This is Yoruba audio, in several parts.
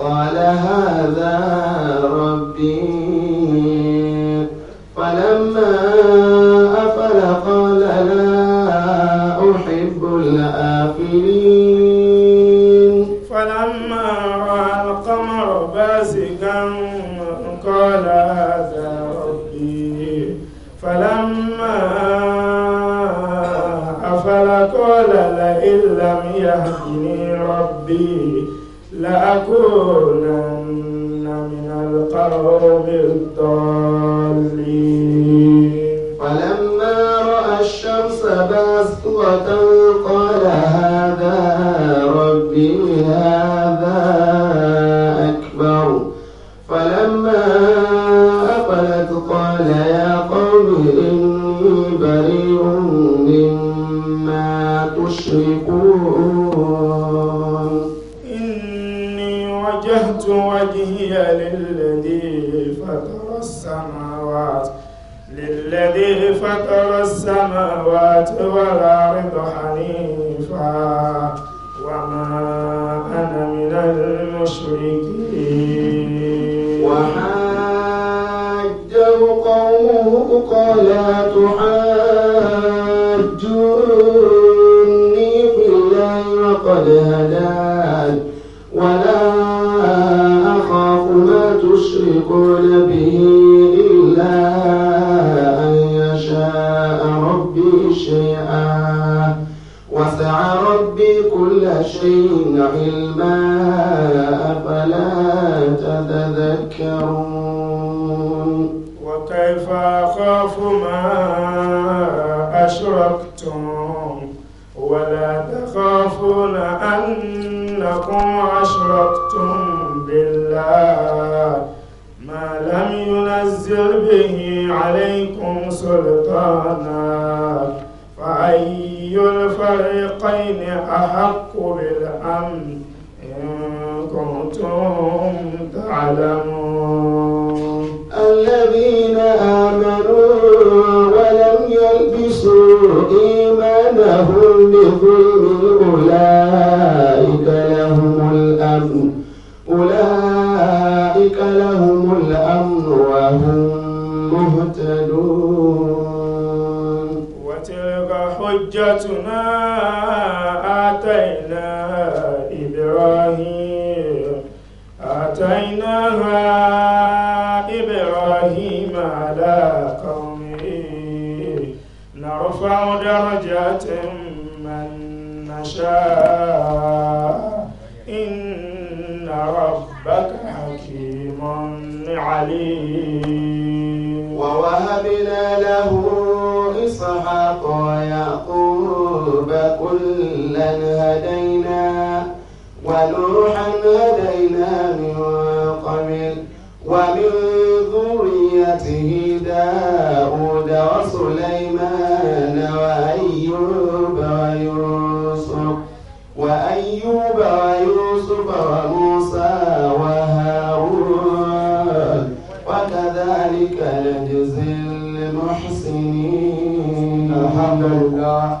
قال هذا ربي فلما أفل قال لا أحب الآفلين فلما رأى القمر بازقا قال هذا ربي فلما أفل قال لئن لم يهدني ربي لأكونن من القوم وجهي للذي فطر السماوات للذي فطر السماوات والأرض حنيفا وما أنا من المشركين وحاجه قومه قال تحاجوني في الله وقد هدان ولا ينطقون به إلا أن يشاء ربي شيئا وسع ربي كل شيء علما أفلا تتذكرون وكيف أخاف ما أشركتم ولا تخافون أنكم أشركتم سلطانا فأي الفريقين أحق بالأمن إن كنتم تعلمون حجتنا آتينا إبراهيم آتيناها إبراهيم على قومه نرفع درجات من نشاء إن ربك حكيم عليم وكلا هدينا ونوحا هدينا من قبل ومن ذريته داود وسليمان وأيوب ويوسف وأيوب ويوسف وموسى وهارون وكذلك نجزي المحسنين الحمد لله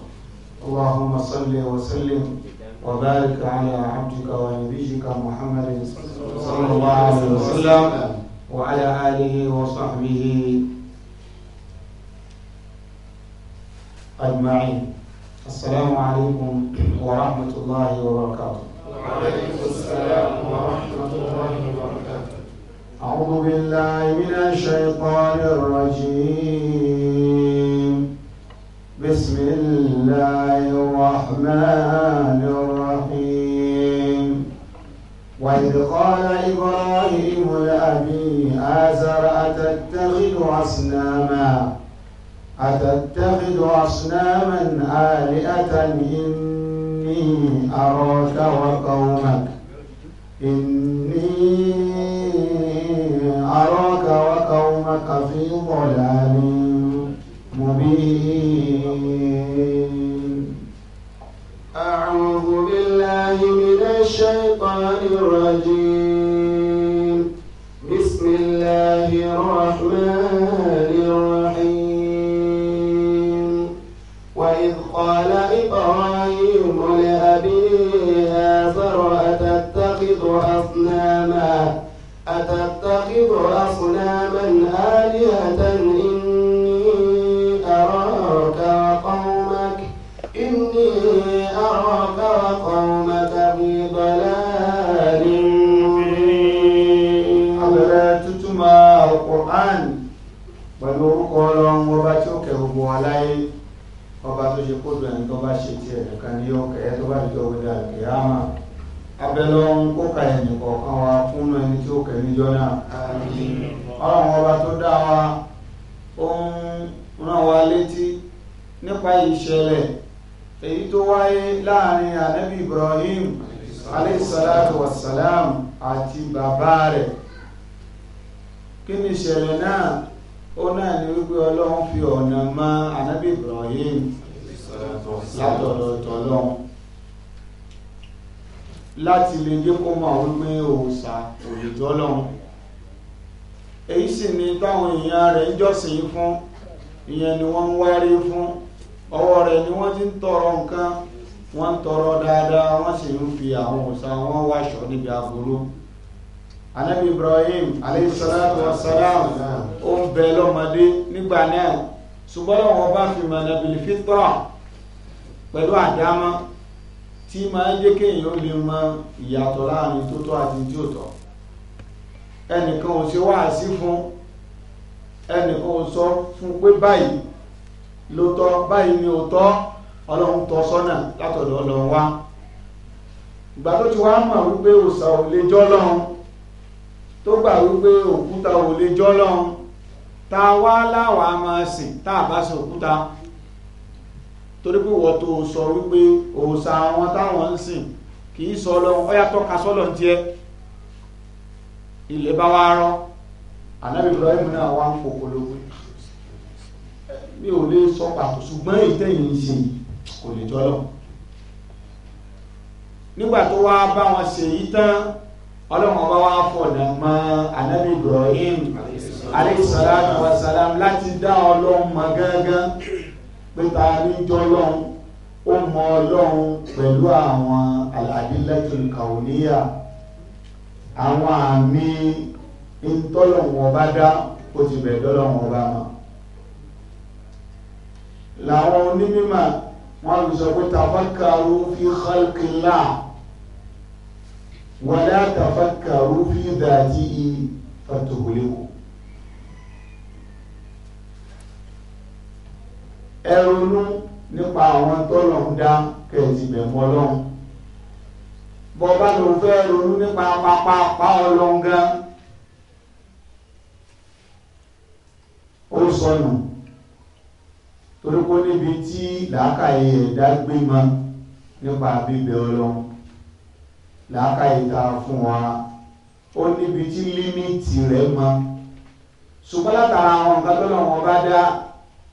اللهم صل وسلم وبارك على عبدك ونبيك محمد صلى الله عليه وسلم وعلى آله وصحبه أجمعين السلام عليكم ورحمة الله وبركاته وعليكم السلام ورحمة الله وبركاته أعوذ بالله من الشيطان الرجيم بسم الله الرحمن الرحيم وإذ قال إبراهيم لأبي آزر أتتخذ أصناما أتتخذ أصناما آلئة إني أراك وقومك إني أراك وقومك في ضلال مبين أعوذ بالله من الشيطان الرجيم بسم الله الرحمن الرحيم وإذ قال إبراهيم لأبيه آزر أتتخذ أصناما أتتخذ أصناما ọlọ́run ọba tí ó kẹ́ gbogbo wa láyé ọba tó ṣe kó dùn tó bá ṣe tiẹ̀ nìkan ní ọkẹ́ tó bá jọ wọlé àlùkìyàmà abẹ́lọ́run kó ka ẹ̀yìn kọ̀ọ̀kan wa fún ẹni tí ó kẹ́ níjọ́ náà ọlọ́run ọba tó dá wa ó ń rán wa létí nípa ìṣẹ̀lẹ̀ èyí tó wáyé láàrin ànábì Ibrahim aleyhisalatu wasalam àti bàbá rẹ̀ kí ni ìṣẹ̀lẹ̀ náà ó náà ní wípé ọlọ́run fi ọ̀nà mọ anábì Ibrahim látọ̀dọ̀ tọ́lọ́run láti lè jẹ́ kó mọ̀ wípé òòṣà òyìnbó ọlọ́run èyí sì ni táwọn èèyàn rẹ̀ ń jọ́sìn fún ìyẹn ni wọ́n ń wárí fún ọwọ́ rẹ̀ ni wọ́n ti ń tọrọ nǹkan wọ́n ń tọrọ dáadáa wọ́n sì ń fi àwọn òòṣà wọn wáṣọ níbi aburú anabi ibrahim aleyhisalatu wasalam ó ń bẹ lọ́mọdé nígbà náà ṣùgbọ́n wọn bá fi mọ̀nà bilifitra pẹ̀lú àdámọ́ tí máa ń jẹ́ kéèyàn ó lè mọ ìyàtọ̀ láàrin tó tọ́ àti tí ò tọ́ ẹnìkan ò ṣe wáàsí fún ẹnìkan ò sọ fún pé báyìí ló tọ́ báyìí ni ò tọ́ ọlọ́run tọ́ sọ́nà látọ̀dọ̀ ọlọ́run wá ìgbà tó ti wá mọ̀ wípé òòṣà ò lè jọ́ lọ́run tó gbà wípé òkúta ò lè jọ́lọ́n ta wá láwà máa sìn tá a bá sin òkúta torí pé wọ́n tó sọ wípé òòṣà àwọn táwọn ń sìn kì í sọ lọ ọ yàtọ̀ ka sọ́lọ̀ ń tiẹ́ ilẹ̀ bá wá rọ́ ànábì Ibrahim náà wá ń kókòló mi ò lè sọ pàtó ṣùgbọ́n ìtẹ̀yìn ń ṣe kò lè jọ́lọ́ nígbà tó wá bá wọn ṣe yí tán ọlọ́run ọba wa fọ̀nà mọ́ anabi ibrahim aleyhisalaatu wasalam láti dá ọlọ́run mọ́ gángan pé ta ní jọlọ́run ó mọ ọlọ́run pẹ̀lú àwọn aladillatu kauniya àwọn àmì ntọ́lọ́run ọba dá ó ti bẹ̀ dọ́lọ́run ọba mọ́ làwọn onímọ̀ wọn lè sọ pé tafakkaru fi khalqillah wàlá tafakkaru fi dhatihi fatuhliku. ẹ ronú nípa àwọn tọ́lọ̀ ń dá kẹ̀sì bẹ̀mọ́ ọlọ́run bọ́ba ló fẹ́ ronú nípa pápá pa ọlọ́run gan ó sọnù torí pé níbi tí làákàyè ẹ̀dá gbé mọ nípa bíbẹ ọlọ́run làákàyè tá a fún wa ó níbi tí límìtì rẹ̀ mọ ṣùgbọ́n látara àwọn nǹkan tó lọ́wọ́ bá dá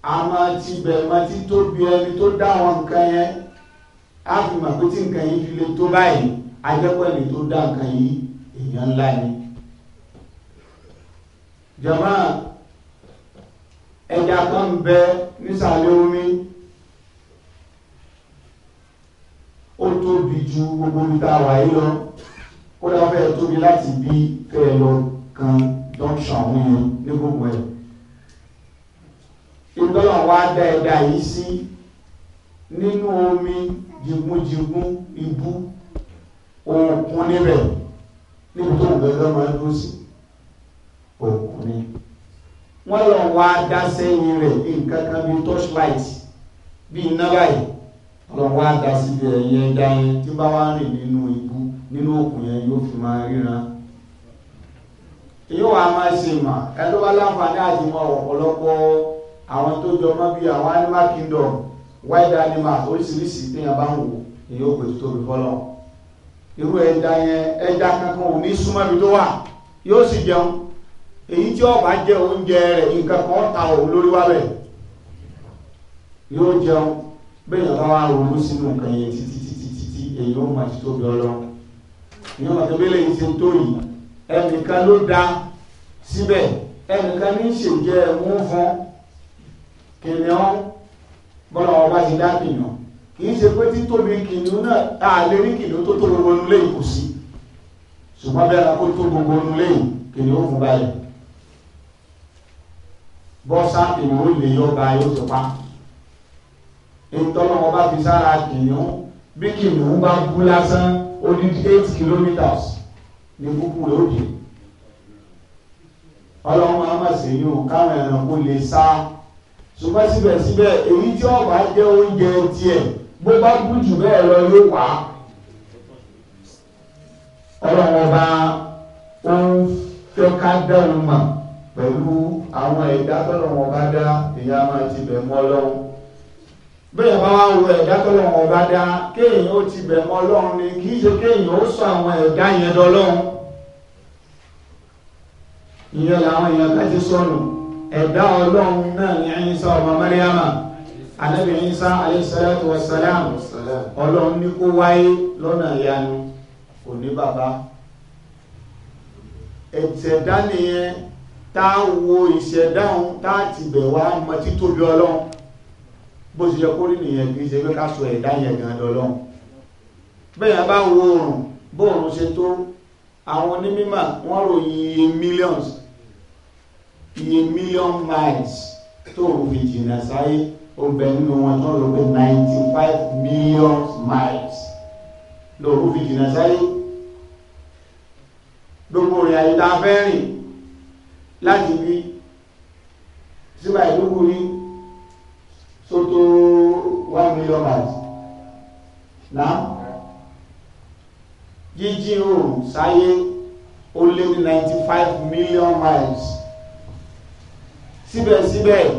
a máa ti bẹ̀ mọ́ títóbi ẹni tó dá àwọn nǹkan yẹn á fi mọ̀ pé tí nǹkan yìí fi lè tó báyìí ajẹ́pọ̀ ẹni tó dá nǹkan yìí èèyàn ńlá ni jọba ẹja kan bẹ nísàlẹ̀ omi. ju gbogbo ibi tá a wà yìí lọ kódà fẹ́ tóbi láti bí kẹ́ ẹ lọ kan dọ́kṣọ̀n àwọn yẹn ní gbogbo ẹ̀. ìtọ́lọ̀ wa dá ẹ̀dá yìí sí nínú omi jigunjigun ibú òkun níbẹ̀ níbi tó gbẹ̀gbẹ̀ máa ń dúró sí òkun ni. wọ́n lọ wá dá sẹ́yìn rẹ̀ nǹkan kan bíi torchlight bíi iná báyìí. ọlọ́run wá dá síbi ẹ̀yìn ẹja yẹn tí bá wá rìn nínú ibu nínú òkun yẹn yóò fi máa ríran yóò wá máa ṣe mà ẹ ló bá láǹfààní àti mọ ọ̀pọ̀lọpọ̀ àwọn tó jọ mọ́ bíi àwọn animal kingdom wild animal oríṣiríṣi téèyàn bá ń wò èyí ò pèsè tóbi fọlọ́ irú ẹja kankan ò ní súnmọ́ ibi tó wà yóò sì jẹun èyí tí ọba jẹ oúnjẹ nǹkan ta òun lórí wálẹ̀ yóò jẹun bẹ́ẹ̀ yàtọ̀ wá ronú sínú nǹkan yẹn títí títí títí èyí ó máa ti tóbi ọlọ́run ìyẹn wọn tẹ́lẹ̀ lẹ́yìn tí ń tó yìí ẹnìkan ló dá síbẹ̀ ẹnìkan ní ṣèjẹ́ ẹ̀mú fún kìnìún bọ́lá wọn bá ti dá kìnìún kì í ṣe pé títóbi kìnìún náà a lè rí kìnìún tó tó gbogbo inú lẹ́yìn kò sí ṣùgbọ́n bẹ́ẹ̀ la kó tó gbogbo inú lẹ́yìn kìnìún fún báyìí bọ́sà kìnìún lè yọ báyìí ó ti pa ntọ́nà ọba fi sára kìnìún bí kìnìún bá kú lásán ó di eight kilometres ní kúkú rẹ̀ ó di ọlọ́run amásèyìn o káwọn ẹranko lè sá ṣùgbọ́n síbẹ̀síbẹ̀ èyí tí ọba jẹ́ oúnjẹ tiẹ̀ bó bá kú jù bẹ́ẹ̀ lọ yóò wá ọlọ́run ọba ó ń fẹ́ ká dẹ́rù mọ̀ pẹ̀lú àwọn ẹ̀dá tọ́lọ́run ọba dá ìyá máa ti bẹ̀ mọ́ ọlọ́run bẹ́ẹ̀ bá wá wo ẹ̀dá tọ́lọ́run ọba dá kéèyàn ó ti bẹ̀ mọ́ ọlọ́run ni kì í ṣe kéèyàn ó sọ àwọn ẹ̀dá yẹn dọlọ́run ìyẹn làwọn èèyàn ká ti sọnù ẹ̀dá ọlọ́run náà ní ẹ̀yìn sá ọmọ mẹ́ríàmà anabi Isa aleyhisalatu wasalam ọlọ́run ní kó wáyé lọ́nà ìyanu kò ní bàbá ẹ̀tẹ̀dá nìyẹn tá a wo ìṣẹ̀dáhùn tá a ti bẹ̀ wá mọ títóbi ọlọ́run bó ṣe yẹ kó rí nìyẹn kì í ṣe pé ká sọ ẹ̀dá yẹn gan lọ́lọ́run bẹ́ẹ̀ bá wo oòrùn bóòrùn ṣe tó àwọn onímọ̀ wọ́n ròyìn iye millions iye million miles tó rò fi jìnnà sáyé ó bẹ nínú wọn tó rò pé ninety five million miles ló rò fi jìnnà sáyé gbogbo ìrìn àyè tá a fẹ́ rìn láti bí síbà ìlú kù ní tó one million miles náà jíjí òòrùn sáyé ó lé ní ninety five million miles síbẹ̀síbẹ̀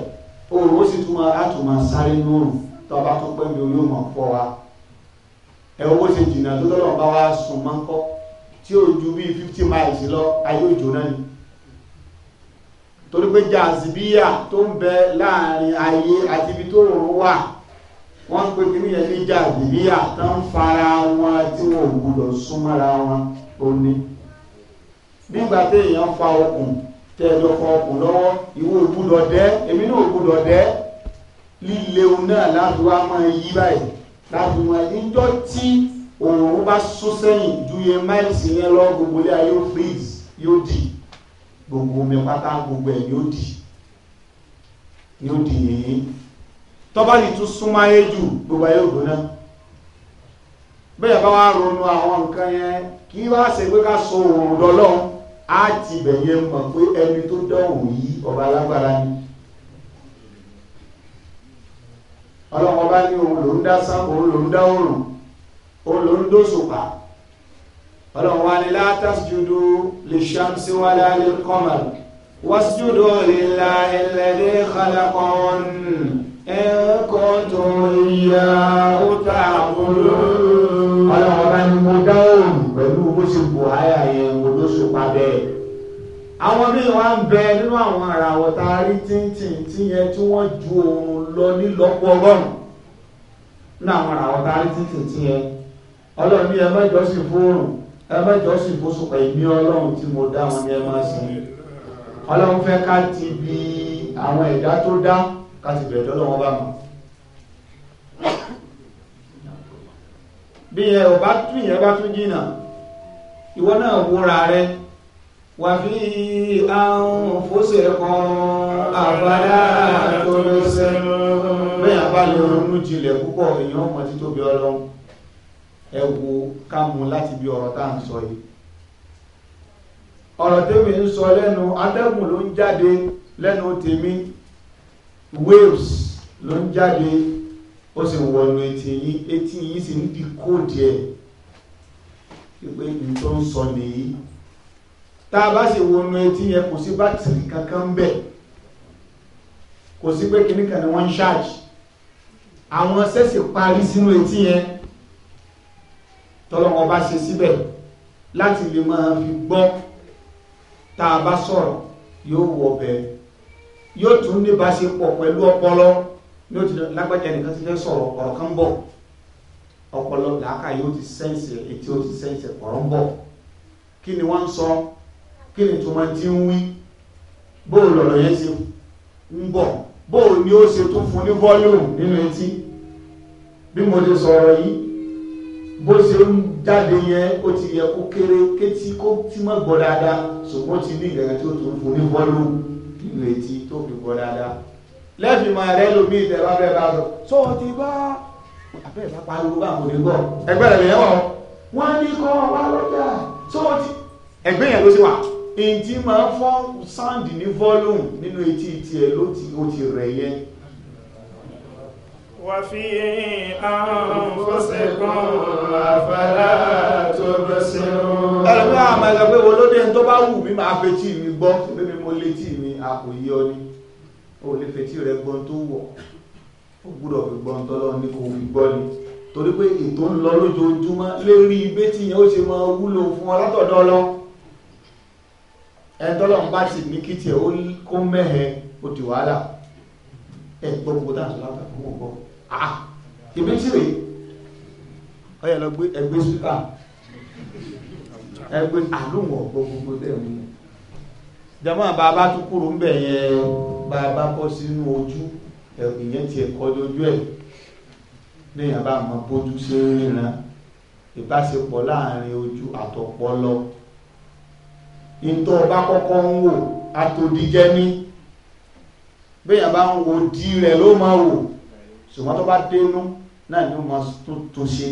òòrùn ó sì tún máa láti máa sáré lóòrùn tó a bá tó pẹ́ mi olóòmù ọ̀pọ̀ wa ẹ owó ṣe jìnnà tó tọ́lọ̀ bá wa sùn mọ́kọ́ tí ó ju bíi fifty miles lọ ayé òjò náà ni torí pé jàzìbíyà tó ń bẹ láàrin ayé àti ibi tó rùn wà wọ́n ń pè kíní yẹn ní jàzìbíyà tó ń fara wọn tí wọn ò gbọdọ̀ súnmọ́ra wọn ó ní nígbà tí èèyàn fa okùn tẹ ẹjọ fa okùn lọ́wọ́ ìwọ ògbúdọ̀ dẹ́ èmi náà ògbúdọ̀ dẹ́ líle náà láti wá máa yí báyìí láti máa níjọ́ tí òòrùn bá sún sẹ́yìn ju iye máìlì sí yẹn lọ gbogbo ilé ayé ó freeze yóò dì í gbogbo omi pátá gbogbo ẹ̀ ni ó dì ni ó dì yìnyín tọ́ba yìí tún súnmọ́ ayé jù gbogbo ayé ògbóná bẹ́ẹ̀ bá wá ronú àwọn nǹkan yẹn kí wá ṣe pé ká so òun dọ́lọ́ á ti bẹ̀yẹ mọ̀ pé ẹni tó dọ̀hùn yìí ọba alágbára ni ọlọ́mọba ní òun lòún dá sán òun lòún dá òrùn òun lòún dóṣùpá ọlọ́run wa ni látàsjúdú lè ṣàmsí wà láàrin kọ́mà wàsjúdú lílá ẹlẹ́dẹ́ kọlákọ́n ẹ̀kọ́ tó yíya ó ta àbúrò. ọlọ́run ọba ni mo dáhùn pẹ̀lú bó ṣe bù áyà yẹn mo ló so pa bẹ́ẹ̀. àwọn míì wá ń bẹ nínú àwọn àràwọ̀ tá rí tíntìn tí yẹn tí wọ́n ju oorun lọ nílọ́pọ̀ ọgọ́rùn nínú àwọn àràwọ̀ tá rí tíntìn tí yẹn ọlọ́run ẹ má jọ́sìn fóòrùn ẹ bá jọ́sìn bó sùn pẹ̀lú ọlọ́run tí mo dá wọn ní ẹ máa sìn ọlọ́run fẹ́ ká ti bi àwọn ẹ̀dá tó dá ká ti bẹ̀rẹ̀ lọ́wọ́ bá mọ̀ bí ẹ ò bá tún yẹn bá tún jìnnà ìwọ náà wúra rẹ wà fi àwọn fóṣe kan àbádá tó bẹ́ẹ̀ bá ronú jinlẹ̀ púpọ̀ èèyàn ọmọ títóbi ọlọ́run ẹ wo ká mú láti bí ọ̀rọ̀ tá à ń sọ yìí ọ̀rọ̀ tèmi ń sọ lẹ́nu atẹ́gùn ló ń jáde lẹ́nu tèmi waves ló ń jáde ó sì wọnú etí yín etí yín sì ń di kóòdì ẹ̀ pípé ní tó ń sọ nìyí tá a bá sì wọnú etí yẹn kò sí bátìrì kankan bẹ́ẹ̀ kò sí pé kíníkan ni wọ́n ń ṣáàjì àwọn sẹ́sì parí sínú etí yẹn tọ́lọ́wọ́ bá ṣe síbẹ̀ láti lè máa fi gbọ́ tá a bá sọ̀rọ̀ yóò wọ ọbẹ̀ yóò tún níbáṣepọ̀ pẹ̀lú ọpọlọ yóò ti lágbájá nìkan ti fẹ́ sọ̀rọ̀ ọ̀rọ̀ kan bọ̀ ọpọlọ làákà yóò ti sẹ́ǹsì etí ó ti sẹ́ǹsì ọ̀rọ̀ ń bọ̀ kí ni wọ́n ń sọ kí ni tó máa ti ń wí bóò lọ̀rọ̀ yẹn ṣe ń bọ̀ bóò ni ó ṣe tún fún ní volume nínú etí bí mo ti sọ̀rọ̀ yìí bó ṣe ń jáde yẹn ó ti yẹ kó kéré kétí kó tí mọ́ gbọ́ dáadáa ṣùgbọ́n ti ní ìgbàgbọ́ tí ó tún fún ní bọ́ọ̀lù nínú etí tó fi gbọ́ dáadáa lẹ́fì máa rẹ lómi ìtẹ̀lá bẹ́ẹ̀ bá lọ tó o ti bá abẹ́ ìbá pariwo bá àwọn onígbọ́ ẹgbẹ́ rẹ̀ lẹ́yìn wọn wọ́n ní kọ́ wá lọ́jà tó o ti ẹgbẹ́ yẹn ló ṣe wà èyí tí máa fọ́ sáǹdì ní fọ́lùm nínú etí tiẹ̀ وفي أنفسكم أفلا تبصرون. ẹ̀rọ àmọ́ ẹ̀rọ pé wo ló dé tó bá wù mí máa fetí mi gbọ́ bébí mo létí mi àkòyí ọ ni o lè fetí rẹ gbọ́n tó wọ̀ o gbúdọ̀ fi gbọ́n tọ́lọ́ ní kò fi gbọ́ ni torí pé ètò ń lọ lójoojúmọ́ lérí ibé tí yẹn ó ṣe máa wúlò fún ọ lọ ẹni tọ́lọ́ ń bá sì ní kí tiẹ̀ ó kó mẹ́hẹ̀ẹ́ ó di wàhálà ẹ̀ gbọ́ gbogbo dáhùn látàkùn gbogbo ìbí ah, ah. tí rèé ó yẹ lọ gbé ẹgbẹ́ spíkà ẹgbẹ́ àlùwọ gbogbogbò lẹ́nu jama bàbá tó kúrò ń bẹ yẹn bàbá kọ sínú ojú ìyẹn tiẹ̀ kọ lójú ẹ lẹ́yìn bá mọ bójú ṣe ń ríran ìbáṣepọ̀ láàrin ojú àtọpọlọ ìtọ́ ọba kọ́kọ́ ń wò àtòdíjẹ́ ní bẹ́yàn bá ń wo dí rẹ̀ ló máa wò ṣùgbọ́n tó bá dénú náà ni ó mọ tuntun ṣe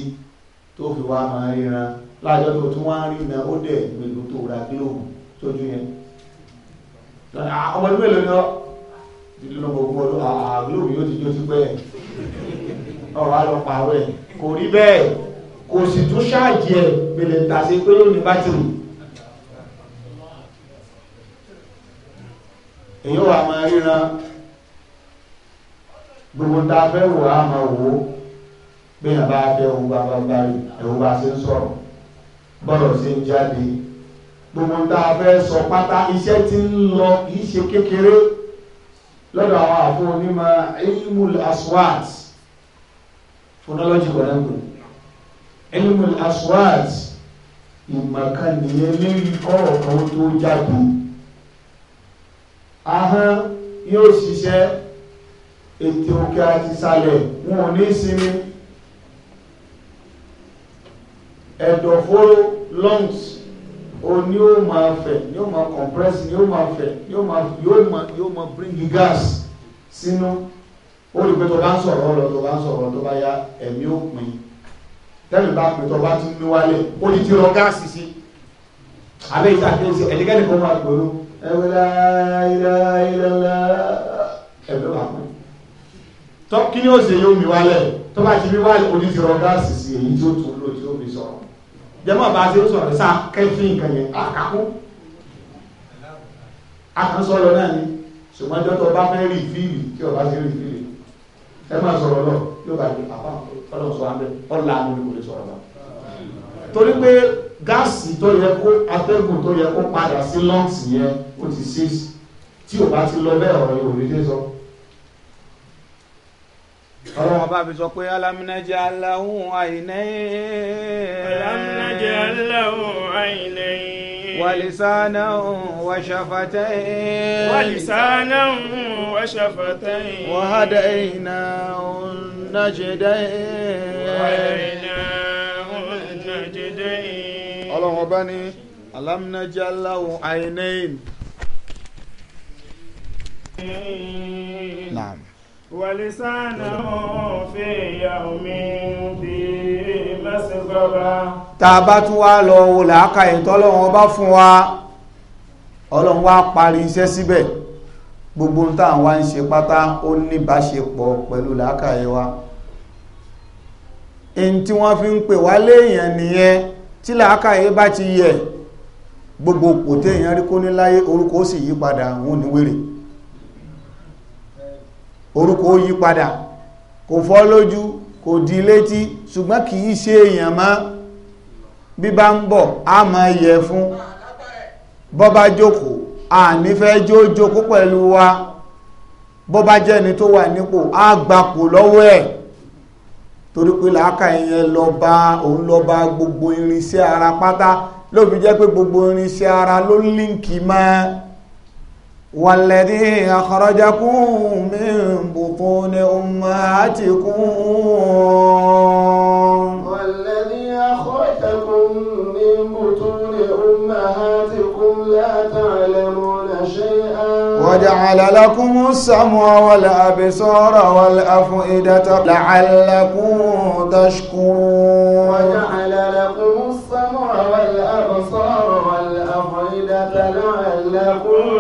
tó fi wá máa ríran láàjọ tó tún wá ń rí na ó dẹ̀ mélòó tó ra gílóòbù tójú yẹn ọmọdún mélòó ni ọ ìdílọ́gbọ̀n ogún ọdún àgílóòbù yóò ti jó sí pẹ́ ọ̀rọ̀ á lọ pààrọ̀ ẹ̀ kò rí bẹ́ẹ̀ kò sì tún ṣáàjì ẹ̀ pèlè tàṣe pé ó ní bátìrì èyí wà máa ríran gbogbo tá a fẹ́ wò á máa wò ó pé yàn bá fẹ́ ewu bá bá bá rí ewu bá ṣe ń sọ̀rọ̀ bọ́dọ̀ ṣe ń jáde gbogbo tá a fẹ́ sọ pátá iṣẹ́ tí ń lọ kìí ṣe kékeré lọ́dọ̀ àwọn àfọ onímọ̀ ilmul aswat phonology kọ̀ọ̀dọ̀ ilmul aswat ìmọ̀kànnìyẹ lérí kọ́ọ̀kan tó jáde ahọ́n yóò ṣiṣẹ́ ètò òkè àti ìsàlẹ̀ wọn ò ní sinmi ẹ̀dọ̀fóró lungs o ní ó máa fẹ̀ ní ó máa compress ní ó máa fẹ̀ ní ó máa yóò máa yóò máa bring gas sínú ó rí pé tó bá ń sọ̀rọ̀ lọ tó bá ń sọ̀rọ̀ tó bá yá ẹ̀mí ó pin tẹ́lẹ̀ bá pè tó bá tún ní wálẹ̀ ó lè ti rọ gáàsì sí abẹ́ ìṣàkíyèsí ẹ̀dígẹ́nì kan wà gbòòrò ẹ̀wẹ̀lá ìlà ìlà ìlà tó kí ni ó ṣe yóò mi wálẹ̀ tó bá ti rí wálẹ̀ oníṣirò gáàsì sí èyí tí ó tún lò tí ó fi sọ̀rọ̀ jẹ́mọ̀ bá ṣe ó sọ̀rọ̀ sáà kẹ́fín nǹkan yẹn àkàkú àkànṣọ́lọ náà ni ṣùgbọ́n jọ́ tó bá fẹ́ rí ìfìlì tí ọba ṣe rí ìfìlì ẹ máa sọ̀rọ̀ lọ yóò bá di àbá ọlọ́run sọ abẹ ọ̀la mi kò lè sọ̀rọ̀ lọ. torí pé gáàsì tó yẹ kó atẹ́gùn tó yẹ kó padà sí lọ́ǹsì yẹn ó ti ṣe tí ò bá ti lọ bẹ́ẹ̀ ọ̀rọ̀ yóò ọlọ́run ọba fi sọ pé alámínájẹ́ aláhùn àìnẹ́yìn. alámínájẹ́ aláhùn àìnẹ́yìn. ولسانا وشفتين ولسانا وشفتين وهديناه النجدين وهديناه النجدين الله بني ألم نجعل له عينين نعم tá a bá tún wá lọ wo làákà ìtọ́lọ́wọ́n bá fún wa ọlọ́run wá parí iṣẹ́ síbẹ̀ gbogbo ń tàn wá ń ṣe pátá ó níbáṣepọ̀ pẹ̀lú làákà ẹwà èyí tí wọ́n fi ń pè wá léèyàn nìyẹn tí làákà ẹ bá ti yẹ gbogbo kò téèyàn rí kó ní orúkọ ó sì yí padà níwèrè orúkọ yí padà kò fọ́ lójú kò di létí ṣùgbọ́n kì í ṣe èèyàn mọ́ bí bá ń bọ̀ a yẹ fún bọ́bá jókòó a nífẹ́ jó pẹ̀lú wa bọ́bá jẹ́ni tó wà nípò a gbapò lọ́wọ́ ẹ̀ torí pé làákà ẹ̀yẹn lọ òun lọ gbogbo irinṣẹ́ ara pátá lóbi jẹ́ pé gbogbo irinṣẹ́ ara ló líǹkì máa والذي أخرجكم من بطون أمهاتكم والذي أخرجكم من بطون أمهاتكم لا تعلمون شيئا وجعل لكم السمع والأبصار والأفئدة لعلكم تشكرون وجعل لكم السمع والأبصار والأفئدة لعلكم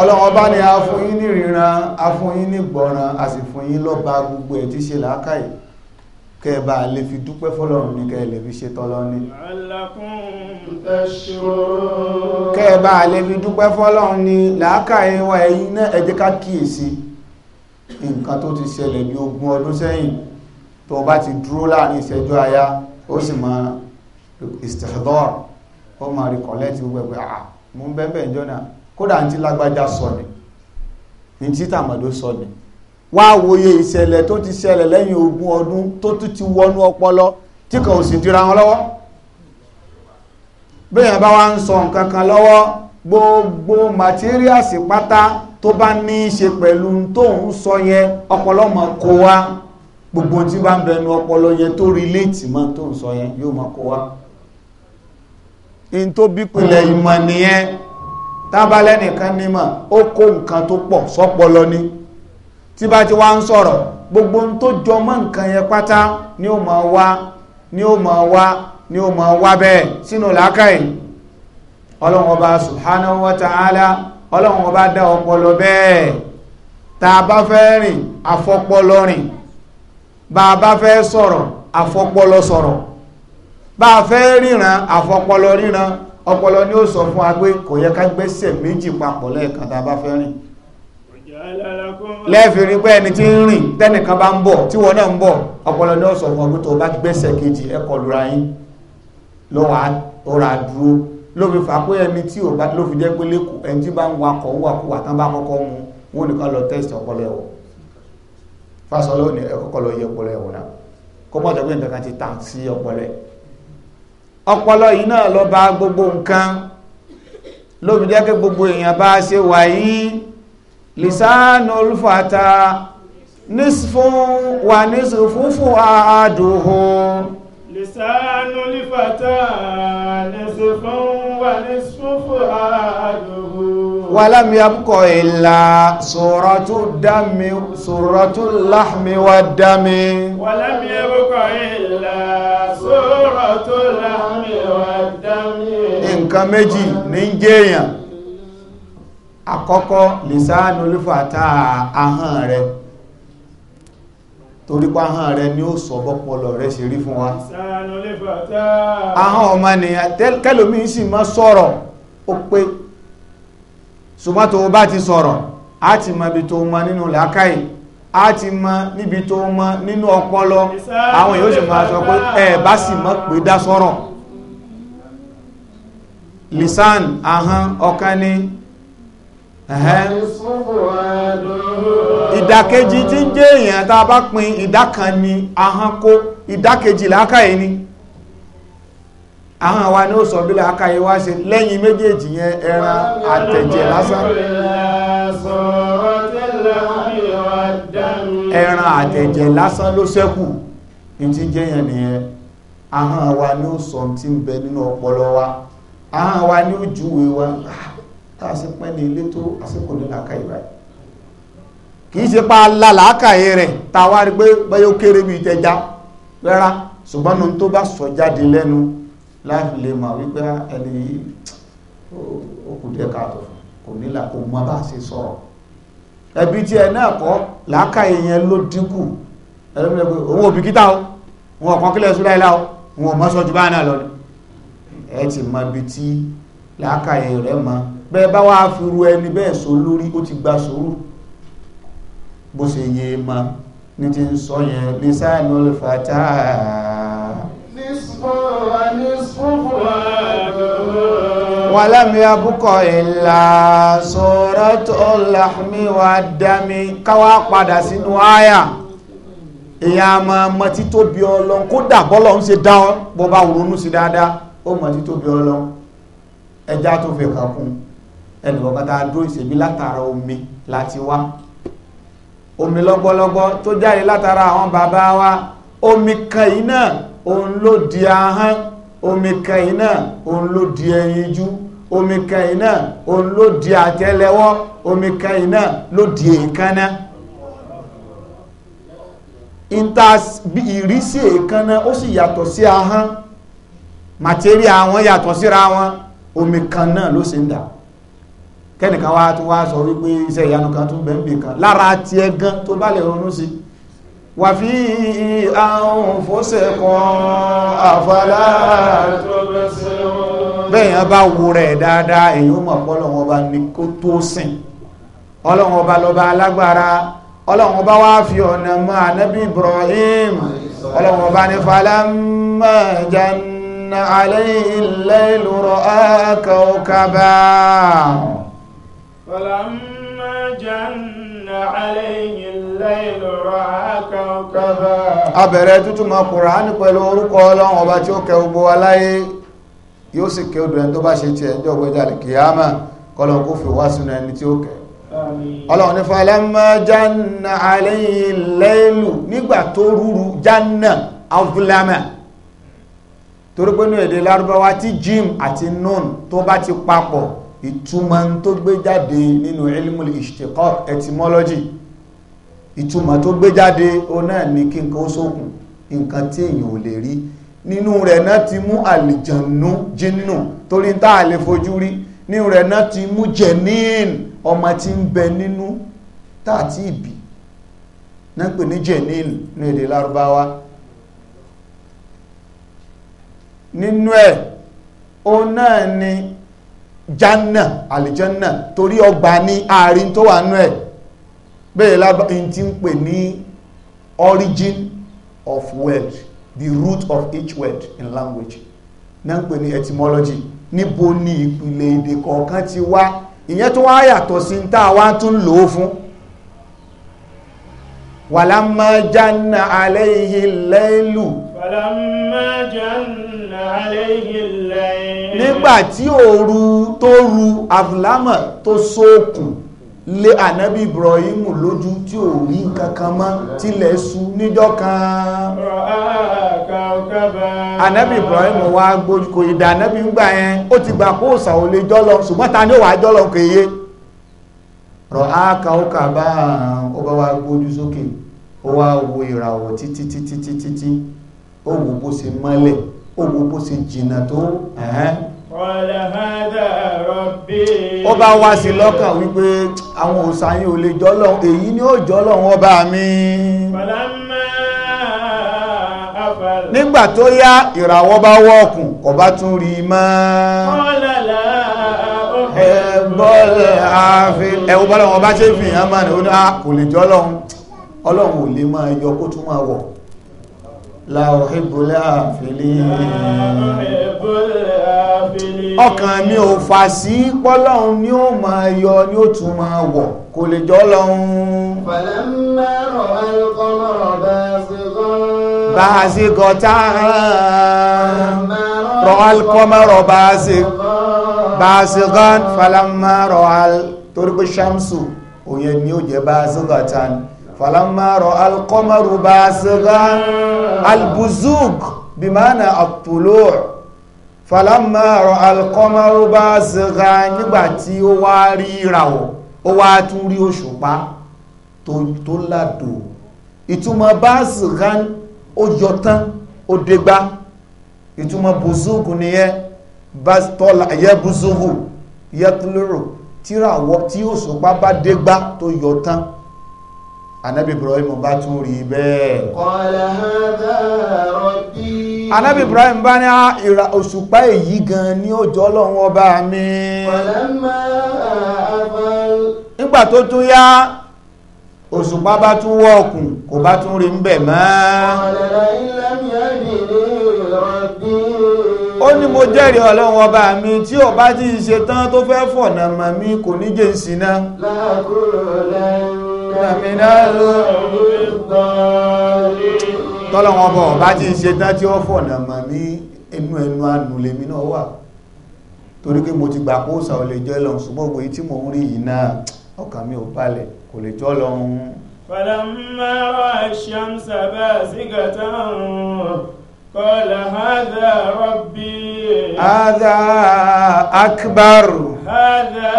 ọlọ́wọ́ bá ní a fún yín ní ríran a fún yín ní gbọ́ran a sì fún yín lọ́ba gbogbo ẹ̀ tí ṣe làákàyè kẹba lè fi dúpẹ́ fọ́lọ́run ní kẹ́ẹ̀lẹ̀ fi ṣe tọ́lọ́ ní kẹba lè fi dúpẹ́ fọ́lọ́run ní làákàyè wa ẹ̀yin náà mú ah, bẹ́ẹ̀ jọ́nà kódà ní tí lágbájá sọ ni ní tí tàmọ̀dó sọ ni wá wòye ìṣẹ̀lẹ̀ tó ti ṣẹlẹ̀ lẹ́yìn ogún ọdún tó tún wọnú ọpọlọ tí kò sì dira wọn lọ́wọ́ bá wá ń gbogbo materials pátá tó bá ní í ṣe pẹ̀lú tó ọpọlọ kó gbogbo tí bá ọpọlọ yẹn tó tó ń sọ yẹn yóò kó tábàlẹ́ nìkan nímọ̀ ó kó nǹkan tó pọ̀ sọ́pọlọ ni tí bá ti wá ń sọ̀rọ̀ gbogbo ohun tó jọ mọ́ nǹkan yẹn pátá ni ó máa wá ni ó máa wá ni ó máa wá bẹ́ẹ̀ sínú làákàyè ọlọ́run ọba subhanahu wa ta'ala ọlọ́run ọba dá ọpọlọ bẹ́ẹ̀ tá a bá fẹ́ rìn àfọpọlọ rìn bá a bá fẹ́ sọ̀rọ̀ àfọpọlọ sọ̀rọ̀ bá a fẹ́ ríran àfọpọlọ ríran ọpọlọ ni ó sọ fún wa kò yẹ ká gbẹ́sẹ̀ méjì papọ̀ lẹ́ẹ̀kan tá a bá fẹ́ rìn lẹ́ẹ̀fìrí pé ẹni tí ń rìn tẹ́nìkan bá ń bọ̀ tí wọ́n náà ń bọ̀ ọpọlọ ní sọ fún ọgbútó bá gbẹ́sẹ̀ kejì ẹkọ̀ lura yín lọ́wọ́ ọ̀rọ̀ àdúró ló fà pé ẹni tí ló fi jẹ́ pé lẹ́kọ̀ọ́ ẹni tí bá ń wakọ̀ tán bá kọ́kọ́ mu wọ́n nìkan lọ ọpọlọ ẹ̀wọ̀ fásọlọ́ ní ẹkọ́kọ́ lọ yẹ ọpọlọ ọpọlọ yìí náà lọ bá gbogbo nǹkan lóbi jẹ́ kí gbogbo èèyàn bá ṣe wà yìí lisanu olùfàtà nísfún wà nísfún fún àádùhù lisanu olùfàtà nísfún wà nísfún fún àádùhù ولم يبق إلا سورة الدم سورة اللحم والدم ولم يبق إلا سورة اللحم والدم nǹkan méjì ní jẹ́yàn àkọ́kọ́ lisanul fata ahọ́n rẹ̀ torí pa ahọ́n rẹ̀ ni ó sọ bọ́pọlọ rẹ̀ ṣe rí fún wa ahọ́n ọmọ nìyàn kẹ́lòmí sì máa sọ̀rọ̀ ó pé ṣùgbọ́n tó bá ti sọ̀rọ̀ á ti mọ ibi tó mọ nínú làákàyè á ti mọ níbi tó mọ nínú ọpọlọ àwọn yóò sì máa sọ pé ẹ bá sì mọ pé dá sọ̀rọ̀ lisan ahọ́n ọkàn ni ìdàkejì tí ń jẹ́ èèyàn tá a bá pín ìdá kan ni ahọ́n kó ìdàkejì làákàyè ni. àwọn àwa ní ó sọ bí wá ṣe lẹ́yìn méjèèjì yẹn ẹran àtẹ̀jẹ̀ lásán ẹran àtẹ̀jẹ̀ lásán ló sẹ́kù ní ti jẹ́ yẹn nìyẹn àwọn àwa ní ó sọ tí ń bẹ nínú ọpọlọ wa àwọn àwa ní ó júwe wa láti ah, pẹ́ ní ilé tó àsìkò ní ṣe pa rẹ̀ pé kéré rárá ṣùgbọ́n láti lè mọ̀ wípé ah, ẹni yìí ó kù díẹ̀ káàtó fún kò nílà kò mọ bá ṣe sọ̀rọ̀ ẹbí tí ẹ náà kọ́ làákàyè yẹn ló dínkù ẹlẹ́mìnira owó bìkítà o wọn ọ̀kan kílẹ̀ sódà ilá o wọn ò mọ́ sọ́jú báyìí náà lọ ni ẹ ti mọ ibi tí làákàyè rẹ̀ mọ́ bẹ́ẹ̀ bá wá fi ru ẹni bẹ́ẹ̀ sọ lórí ó ti gba sùúrù bó ṣe yé e ní ti sọ yẹn lisanul fata ولم يبق إلا سورة اللحم والدم ká wá padà sínú àyà ìyá àmọ́ ọmọ títóbi ọlọ́run kódà bọ́lọ̀ ń ṣe dá ọ bó bá ronú sí dáadáa ó mọ̀ títóbi ọlọ́run ẹjá tó fi kàkún ẹnìkọ̀kátà dúró ìṣèbí látara omi láti wá omi lọ́gbọ́lọ́gbọ́ tó jáde látara àwọn bàbá wa omi kan yìí náà òun ló di ahọ́n omi kan iná òun ló di ẹyinjú omi kan iná òun ló di àtẹ́lẹwọ́ omi kan iná ló di èékánná ìrísí èékánná ó sì yàtọ̀ sí ahọ́n màtíríà wọn yàtọ̀ síra wọn omi kan náà ló sì ń dà kẹ́nìkan wá tún wá sọ wípé iṣẹ́ ìyanu kan tún bẹ̀ ń bì kan lára ti ẹgán tó bá lè ronú sí i wàfí àǹfóṣẹ̀kan àfàlà bẹ́ẹ̀ yẹn bá wo rẹ̀ dáadáa èyí ó mọ̀ pọ́ lọ́wọ́ ọba ní kó tó sìn ọlọ́wọ́ ọba lọ́ba alágbára ọlọ́wọ́ ọba wá fi ọ̀nà mọ́ ànábì Ibrahim ọlọ́wọ́ ọba ní falamma janna alayhi al-laylu ra'a abẹ̀rẹ̀ tútù ma Kùránì pẹ̀lú orúkọ ọlọ́run ọba tí ó kẹ gbogbo aláyé yóò sì kẹ odò ẹni tó bá ṣe ti ẹ̀ jọ gbẹ́jà lè kìyàmà kọlọ̀ kó fi wá sínú ẹni tí ó kẹ ọlọ́run ní falamma janna alayhi laylu nígbà tó rúru janna avulama torípé ní èdè lárúbáwá tí jim àti nun tó bá ti papọ̀ ìtumọ̀ tó gbé jáde nínú ilmul ishtiqaq etymology ìtumọ̀ tó gbé jáde ó náà ní kí nǹkan ó sókùn nǹkan tí èyàn ò lè rí nínú rẹ̀ náà ti mú àlìjànú jínú torí tá a lè fojú rí nínú rẹ̀ náà ti mú jẹ̀nín ọmọ tí ń bẹ nínú tààtì ìbí náà pè ní jẹ̀nín ní èdè lárúbáwá nínú ẹ̀ ó náà ni jannah aljannah torí ọgbà ní ààrin tó wà nú ẹ̀ bẹ́ẹ̀ lábá in ti ń pè ní origin of word the root of each word in language náà ń pè ní etymology níbo ni ìpìlẹ̀ èdè kọ̀ọ̀kan ti wá ìyẹn tó wá yàtọ̀ sí ń tà wá tún lò ó fún wàlámà jánà aléyìí lẹ́lù wàlámà jánà aléyìí nígbà tí òru tó ru abúlámà tó sóòkù lé ànábì Ibrahim lójú tí ò rí kankan mọ́ tilẹ̀ ṣú níjọ́ kan ànábì Ibrahim wá gbójú kò ìdá ànábì ń gbà yẹn ó ti gbà kó òsà ò lè jọ́lọ ṣùgbọ́n ta ní òwà jọ́lọ kò yé rọ̀ áka ó bá ó bá wá gbójú sókè ó wá wo ìràwọ̀ títí títí títí ó wo bó ṣe mọ́lẹ̀ ó wo bó ṣe jìnnà tó ó bá wá sí lọ́kàn wípé àwọn òsàyìn ò lè jọ́lọ́un èyí ni ó jọ́lọ́un ọba mi nígbà tó yá ìràwọ̀ bá wọ́ọ̀kùn kò bá tún rí mọ́ ẹ̀wọ̀ bọ́lọ̀ wọn bá ṣe fi hàn mọ́ ní ó ní a ah, kò lè jọ́lọ́un ọlọ́run ò lè máa yọ kó tún máa wọ̀ la òhìbò láàfilé ọkàn mi ò fà sí pọ́lọ́hun ni ó máa yọ ni ó tún máa wọ̀ kò lè jọ lọ́hun bá a sí gọta rọ́ọ̀lùkọ́mọ́rọ̀ bá a sí bá a sí gan falamma rọ́ọ̀lù torí pé ṣámsù òyìn ni ó jẹ́ bá a sí gọta ni falamma ra'al qamaru basighan albuzug bimana at-tulu' falamma ra'al qamaru basighan nígbà tí ó wá rí ìràwọ̀ ó wá tún rí òṣùpá tó ládò ìtumọ̀ basighan ó yọ tán ó dégbá ìtumọ̀ buzug nìyẹn bastọ́lá yẹ buzugu yẹ tún lérò tíràwọ̀ tí òṣùpá bá dégbá tó yọ anábì ibrahim bá tún rí bẹ́ẹ̀ anábì ibrahim bá ní ìrà òṣùpá èyí gan ní ọjọ́ ọlọ́run ọba mi nígbà tó tún yá òṣùpá bá tún wọ́ ọkùn kò bá tún rí mbẹ̀ mọ́ ó ní mo jẹ́rìí ọlọ́run ọba mi tí ó ti ṣe tán tó fẹ́ fọ̀nà mọ̀ mi kò ní jẹ́ ìsìn náà láàkúrò lẹ́yìn tọ́lọ́wọ́n bọ̀ bá ti ṣe tá tí ó fọ̀nà mọ̀ ní inú ẹnu ànù lèmi náà wà torí pé mo ti gbà kó sà ò lè jọ lọ ṣùgbọ́n gbé tí mo ń rí yìí náà ọkàn mi ò balẹ̀ kò lè jọ lọ قال هذا ربي هذا أكبر هذا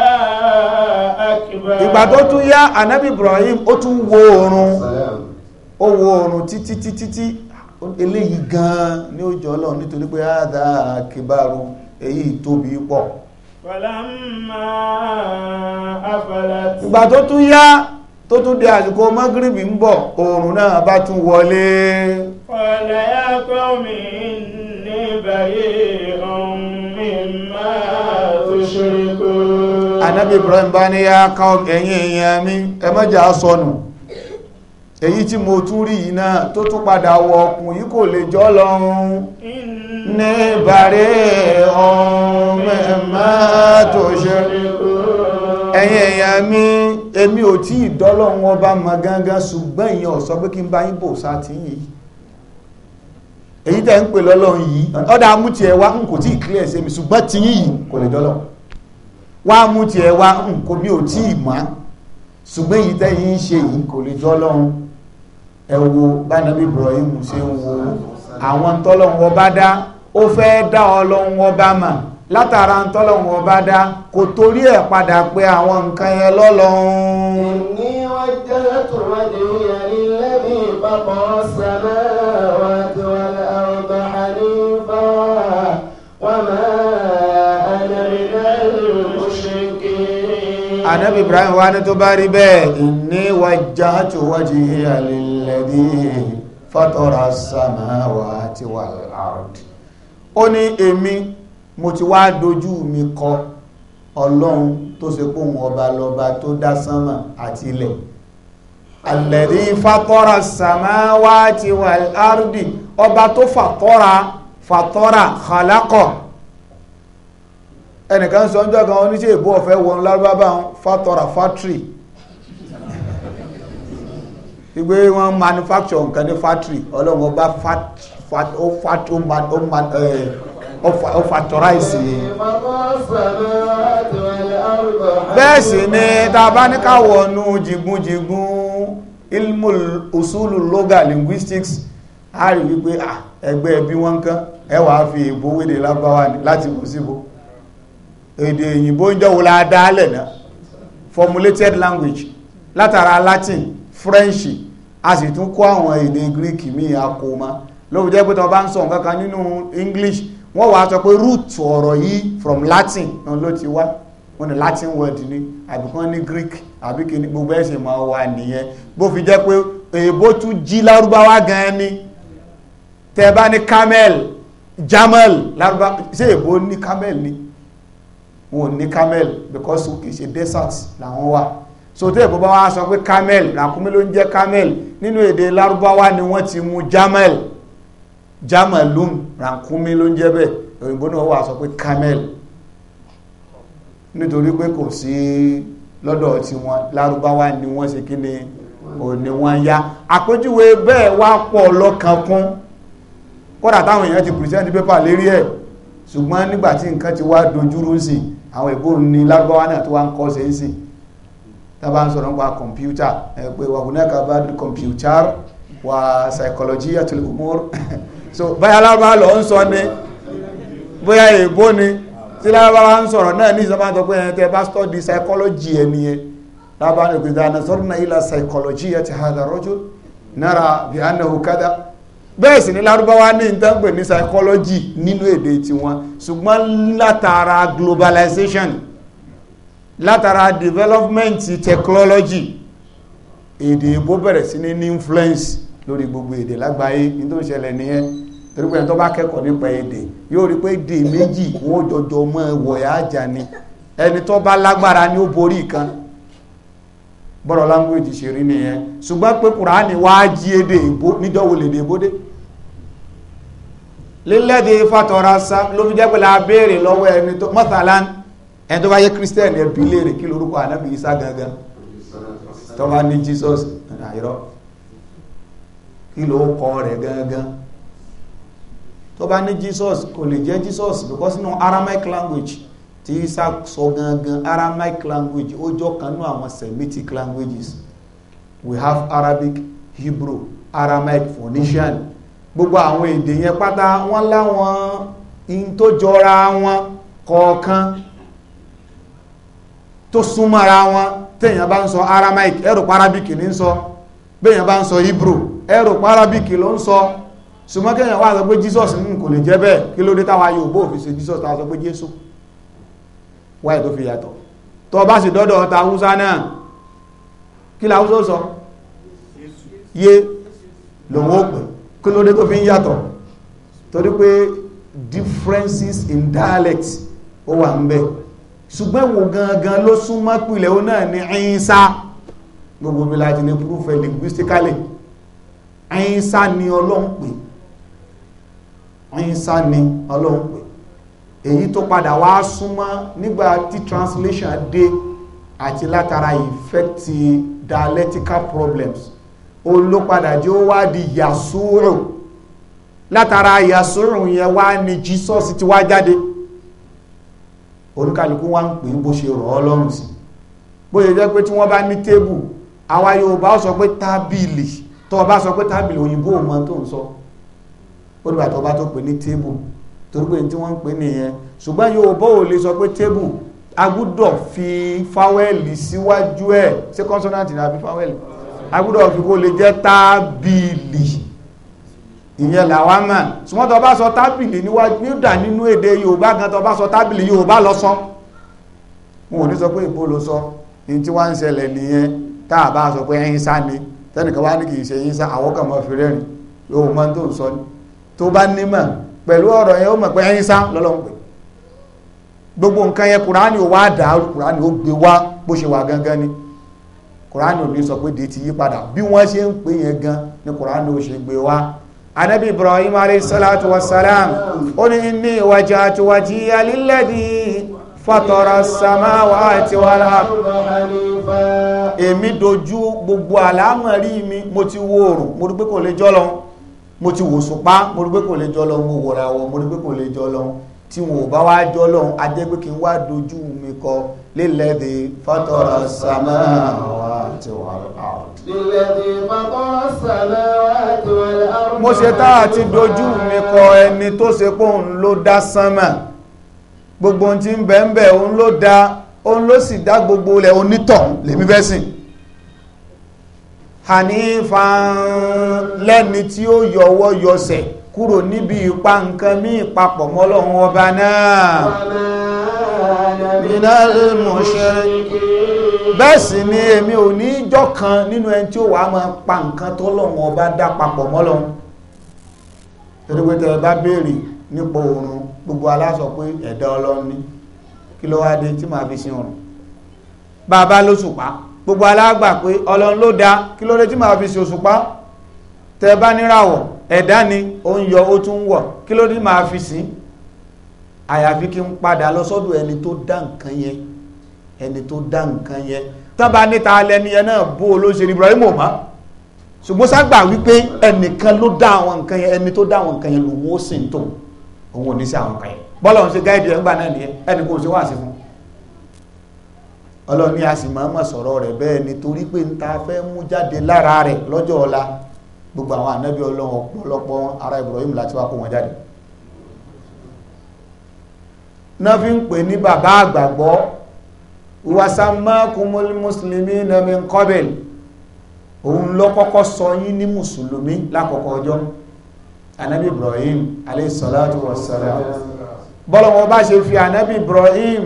أكبر Igba t'o tún yá anabi ibrahim ó tún wo oorun ó wo oorun eléyìí gan-an ní òjò ọlọ́run nítorí pé hádà kìbàrù èyí tóbi pọ̀ ìgbà tó tún yá tó tún di àsìkò mọ́gírìbì ń bọ̀ oòrùn náà bá tún wọlé قال يا قوم إني بريء مما تشركون Ànábì Ibrahim bá ní yá káwọn ẹ̀yìn èèyàn mi èyí tí mo tún rí yìí náà tó tún padà wọ ọkùn kò lè jọ lọ́run ní ọmọ tó ṣe ẹ̀yìn gangan ṣùgbọ́n ìyẹn pé kí n bá èyí tẹ́ ń pè lọ́lọ́run yìí ọ̀dà amúti kò tí clear ṣe mi ṣùgbọ́n yìí kò lè dọ́lọ́ wá amúti kò mi ò tíì máa mọ́ ṣùgbọ́n èyí ṣe yìí kò lè dọ́lọ́run ẹ wo Ibrahim ṣe ń wo àwọn ọba dá ó fẹ́ẹ́ dá ọlọ́run mà látara anabi ibrahim wá ní tó bá rí bẹ́ẹ̀ inni wajjahtu wajhiya lilladhi fatara samawati wal ard ó ní èmi mo ti wá dojú mi kọ ọlọ́run tó ṣe pòun ọba lọba tó dá sánmà àti ilẹ̀ alladhi fatara samawati wal ardi ọba tó fàtọ́ra fàtọ́ra khalaqo ẹnìkan sọ ọjọ́ kan oníṣẹ́ ìbú ọ̀fẹ́ wọn lárúbábá fátọ́ra fátírì ìgbé wọn manufacture nǹkan ní fátírì ọlọ́run ọba ó bẹ́ẹ̀ sì ni tàbáníkàwọ̀ nú jìgúnjìgún ilmul usulu loga linguistics a rí wípé ẹgbẹ́ bí wọ́n kán ẹwà fi ìbówédè lábáwá láti kò síbò èdè òyìnbó ń jọ́wọ́ la náà formulated language látara Latin French a sì tún kó àwọn èdè Greek míì akoma lóbi jẹ́ pé tí wọ́n bá ń sọ nǹkan kan nínú English wọ́n wàá sọ pé root ọ̀rọ̀ yìí from Latin náà ló ti wá wọ́n ní Latin word ni àbí kan ní Greek àbí kí ni gbogbo ẹ̀sìn máa wà nìyẹn bó fi jẹ́ pé èèbó tún jí lárúbáwá gan-an ni tẹ́ bá ní camel jamal lárúbáwá ṣé èèbó ní camel ni wọn ò ní camel because kì í ṣe desert làwọn wà so tó èkó bá sọ pé camel ràkúnmí ló ń jẹ́ camel nínú èdè lárúbáwá ni wọ́n ti mú jamel jamalum ràkúnmí ló ń jẹ́ bẹ́ẹ̀ òyìnbó náà wà sọ pé camel nítorí pé kò sí lọ́dọ̀ tí wọn ni wọ́n ṣe kí ni ò ní wọ́n ya àpèjúwe bẹ́ẹ̀ wá pọ̀ lọ́kàn kún kódà táwọn èèyàn ti present paper lérí ẹ̀ ṣùgbọ́n nígbà tí nǹkan ti wá dojúrú sí i àwọn èkó ní lágbáwá náà tó wá ń kọ́ ṣe ń sìn tábà ń sọ̀rọ̀ nípa kọ̀mpútà pé wà hùnà kàbá kọ̀mpútà wà psychology àti so báyà lábá lọ ń sọ ni bóyá èèbó ni tí lábá wa ń sọ̀rọ̀ náà ní ìsọ́mọ́ àtọ́kùn ẹni tẹ́ bá study psychology ẹni yẹn lábá ní ìgbésẹ̀ àná sọ́rọ̀ náà ilà psychology àti hàdà rọ́jò nára bí annahu kada bẹ́ẹ̀ sì ni lárúbáwá ní ìtànpè ní psychology nínú èdè tiwọn ṣùgbọ́n látara globalization látara development technology èdè ìbò bẹ̀rẹ̀ sí ní influence lórí gbogbo èdè lágbàáyé ní tó ń ṣẹlẹ̀ nìyẹn torí pé tó bá kẹ́kọ̀ọ́ nípa èdè yóò rí pé èdè méjì wọ́n jọjọ mọ́ ẹwọ̀yà àjà ni ẹni tó bá lágbára ní ó borí kan bọ́rọ̀ language ṣe rí nìyẹn ṣùgbọ́n pé kùránì wá jí èdè ìbò níjọ́wò lèdè ìbódé lílẹ́dì fatọ̀ra sá ló fi jẹ́ pẹ̀lú abéèrè lọ́wọ́ ẹni tó mọ́tàlán ẹni tó bá yẹ kírísítẹ́nì ẹbí léèrè kí lórúkọ ànábì Ìsá gangan tó bá ní Jesus àìrọ́ kí ló kọ rẹ̀ gangan tó bá ní Jesus kò lè jẹ́ Jesus because nínú Aramaic language tí Ìsá sọ gangan Aramaic language ó jọ kan nínú àwọn Semitic languages we have Arabic Hebrew Aramaic Phoenician. Mm -hmm gbogbo àwọn èdè yẹn pátá wọ́n láwọn in tó jọra wọn kọ̀ọ̀kan tó súnmọ́ra wọn téèyàn bá ń sọ Aramaic ẹ̀rọ parabiki ní ń sọ béèyàn bá ń sọ Hebrew ẹ̀rọ parabiki ló ń sọ ṣùgbọ́n kéèyàn wá sọ pé Jesus ní kò lè jẹ́ bẹ́ẹ̀ kí ló dé táwa yóò bó òfin ṣe Jesus táwa sọ pé Jésù wáyé tó fi yàtọ̀ tó bá sì dọ́dọ̀ ọ̀ta Hausa náà kí la sọ yé lòun ó pè kí ló dé tó fi ń yàtọ̀ torí pé differences in dialect ó wà ń bẹ ṣùgbọ́n wo gangan ló súnmọ́ pìlẹ̀ ó náà ní ẹ̀yìnsá gbogbo mi láti ní proof linguistically ẹ̀yìnsá ni ọlọ́run pè ni ọlọ́run pè èyí tó padà wá súnmọ́ nígbà tí translation dé àti látara ìfẹ́ dialectical problems olópadà jẹ́ ó wá di yasuru látara yasuru yẹn wá ní jesus ti wá jáde oníkàlùkù wá ń pè bó ṣe rọ̀ ọ́ lọ́rùn sí bó ṣe jẹ́ pé tí wọ́n bá ní tébù àwa yorùbá ó sọ pé tábìlì tó o bá sọ pé tábìlì òyìnbó ò mọ tó ń sọ ó dìgbà tó bá tó pè ní tébù torí pé tí wọ́n ń pè nìyẹn ṣùgbọ́n yorùbá ò lè sọ pé tébù a fi fáwẹ́lì síwájú ẹ̀ ṣé kọ́nsọ́nàtì ni àbí fáwẹ́lì agbúdọ̀ fi kó lè jẹ́ tábìlì ìyẹn làwa mọ̀ ṣùgbọ́n tó bá sọ tábìlì níwájú nídà nínú èdè Yorùbá gan tó bá sọ tábìlì Yorùbá lọ sọ wọn ò ní sọ pé ìbò ló sọ ní tí wá ń ṣẹlẹ̀ nìyẹn tá a bá sọ pé ẹyin sá ni tẹnìkan wá ní kì í ṣe ẹyin sá àwọn kan mọ fi rẹ́rìn yóò mọ tó ń sọ ni tó bá nímọ̀ pẹ̀lú ọ̀rọ̀ yẹn ó mọ̀ pé ẹyin sá lọ́lọ́ gbogbo nǹkan yẹn Kùránì ò wá dàrú Kùránì ó gbé wá bó ṣe wà gangan ni kùránì ò ní sọ pé dé ti yí padà bí wọ́n ṣe ń pè yẹn gan ni kùránì ò ṣe gbé wá anabi ibrahim aleyhisalatu wasalam ó ní ní ìwàjà àtiwájí alílẹ́dì fatọ́ra samáwá àti wàlá èmi dojú gbogbo àlámọ̀rí mi mo ti wo oòrùn mo rí pé kò lè jọ́ lọ mo ti wòṣùpá mo rí pé kò lè jọ́ lọ mo wòràwọ̀ mo rí pé kò lè jọ́ lọ tí wọn ò bá wá jọ lọ́hùn a jẹ́ pé kí n wá dojú mi kọ lílẹ̀dì fọ́tọ̀rọ̀ sàmà àti wàlúwàlú. mo ṣe tá a ti dojú mi kọ ẹni tó ṣe pé òun ló dá sánmà gbogbo ohun tí ń bẹ ń bẹ òun ló dá òun ló sì dá gbogbo ilẹ̀ onítọ̀ lèmi fẹ́ sìn hanifan lẹ́ni tí ó yọwọ́ yọsẹ̀. Yo kúrò níbi ipa nǹkan mí ìpapọ̀ mọ́lọ́run ọba náà bẹ́ẹ̀ sì ni èmi ò ní ìjọ kan nínú ẹni tí ó wà máa pa nǹkan tó lọ́run ọba dá papọ̀ mọ́lọ́run torí pé tẹ́lẹ̀ bá béèrè nípa oòrùn gbogbo aláṣọ pé ẹ̀dá ọlọ́run ni kí ló wá dé tí màá fi sin oòrùn bàbá ló sùpá gbogbo alágbà pé ọlọ́run ló dá kí ló dé tí màá fi sin òṣùpá tẹ́ bá níràwọ̀ ẹ̀dá ni ó ń yọ ó tún ń wọ̀ kí ló ní máa fi sìn àyàfi kí n padà lọ sọ́dọ̀ ẹni tó dá nǹkan yẹn ẹni tó dá nǹkan yẹn tán bá níta alẹ́ni yẹn náà bó o ló ṣe ní Ibrahim ọ̀má ṣùgbọ́n ságbà wípé ẹnìkan ló dá àwọn nǹkan yẹn ẹni tó dá àwọn nǹkan yẹn lòun ó sì ń tò òun ò ní sí àwọn nǹkan yẹn bọ́lá òun ṣe gáìdì ẹ̀ ń gbà náà nìyẹn ẹnì kò ṣe wá sí fún ọlọ́ni a sì máa mọ̀ sọ̀rọ̀ rẹ̀ bẹ́ẹ̀ nítorí pé ń ta fẹ́ mú jáde lára rẹ̀ lọ́jọ́ ọ̀la gbogbo àwọn ànábì ọlọ́run ọ̀pọ̀lọpọ̀ ara Ibrahim láti wá kó wọn jáde náà fi ń pè ní bàbá àgbàgbọ́ wasamákumul mùsùlùmí min qabl òun ló sọ yín ní mùsùlùmí lákọ̀ọ́kọ́ ọjọ́ ànábì Ibrahim alayhi salatu wassalam bọ́lọ̀wọ́ bá ṣe fi anabi Ibrahim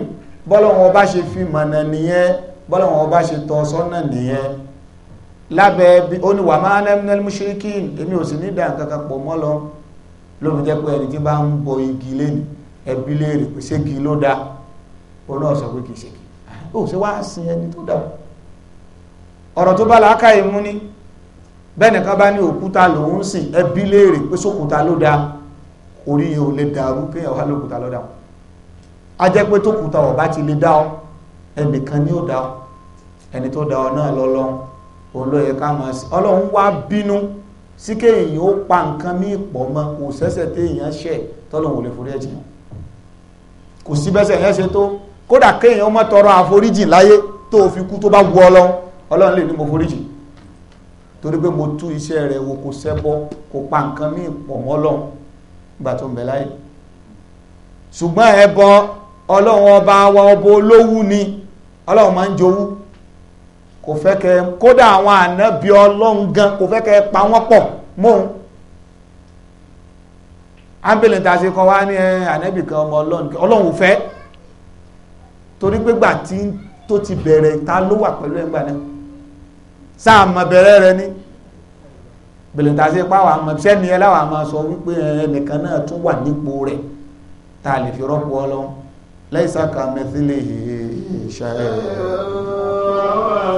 bọ́lọ̀wọ́ bá ṣe fi mọ̀nà nìyẹn bọ́lọ̀wọ́ bá ṣe tọ́ sọ́nà nìyẹn lábẹ́ bí ó ní wà máa lẹ́mínẹ́lì mushrikin èmi ò sì ní ìdá nǹkan kan pọ̀ mọ́ lọ lómi jẹ́ pé ẹni tí bá ń bọ igi lẹ́nu ẹbí léèrè pé ségi ló dá ó náà sọ pé kì í ségi ó ṣe wá sin ẹni tó dá ọ̀rọ̀ tó bá làákà ìmú ni bẹ́ẹ̀ni kan bá ní òkúta lòún sìn ẹbí léèrè pé sókúta ló dá orí yẹn ò lè dàrú pé ọ̀há lókúta ló dá a jẹ́ pé tókúta ọ̀bá ti lè dá ọ ẹnìkan ni ó dá ọ ẹni tó dá ọ náà lọ́lọ́run olóyè káwọn sí ọlọ́run wá bínú sí kéèyàn ó pa nǹkan mí pọ̀ mọ́ kò sẹ́sẹ̀ téèyàn ṣẹ̀ tọ́lọ́run ò lè forí ẹ̀jẹ̀ kò sí bẹ́sẹ̀ yẹn ṣe tó kódà kéèyàn má tọrọ àforíjì láyé tó fi kú tó bá wu ọlọ́run ọlọ́run lè ní mo foríjì torí pé mo tú iṣẹ́ rẹ̀ wo kò sẹ́bọ́ kò pa nǹkan mí pọ̀ mọ́ ọlọ́run nígbà tó ń bẹ láyé ṣùgbọ́n ẹbọ ọlọ́run ọba wa ọba olówú ni ọlọ́run máa ń jowú kò fẹ́ kẹ́ kódà àwọn ànábì ọlọ́run gan kò fẹ́ kẹ́ pa wọ́n pọ̀ mọ́hun ábẹ́lẹ̀ ta ṣe kan wá ní ànábì kan ọmọ ọlọ́run ọlọ́run fẹ́ torí pé gbà tí tó ti bẹ̀rẹ̀ ta ló wà pẹ̀lú ẹgbà náà sáà mọ̀ bẹ̀rẹ̀ rẹ ní bẹ̀lẹ̀ ta ṣe pa àwọn sẹ́ni ẹ láwọn àmọ́ sọ wípé ẹnìkan náà tún wà nípò rẹ̀ ta lè fi rọ́pò ọlọ́run ليس كمثله شيء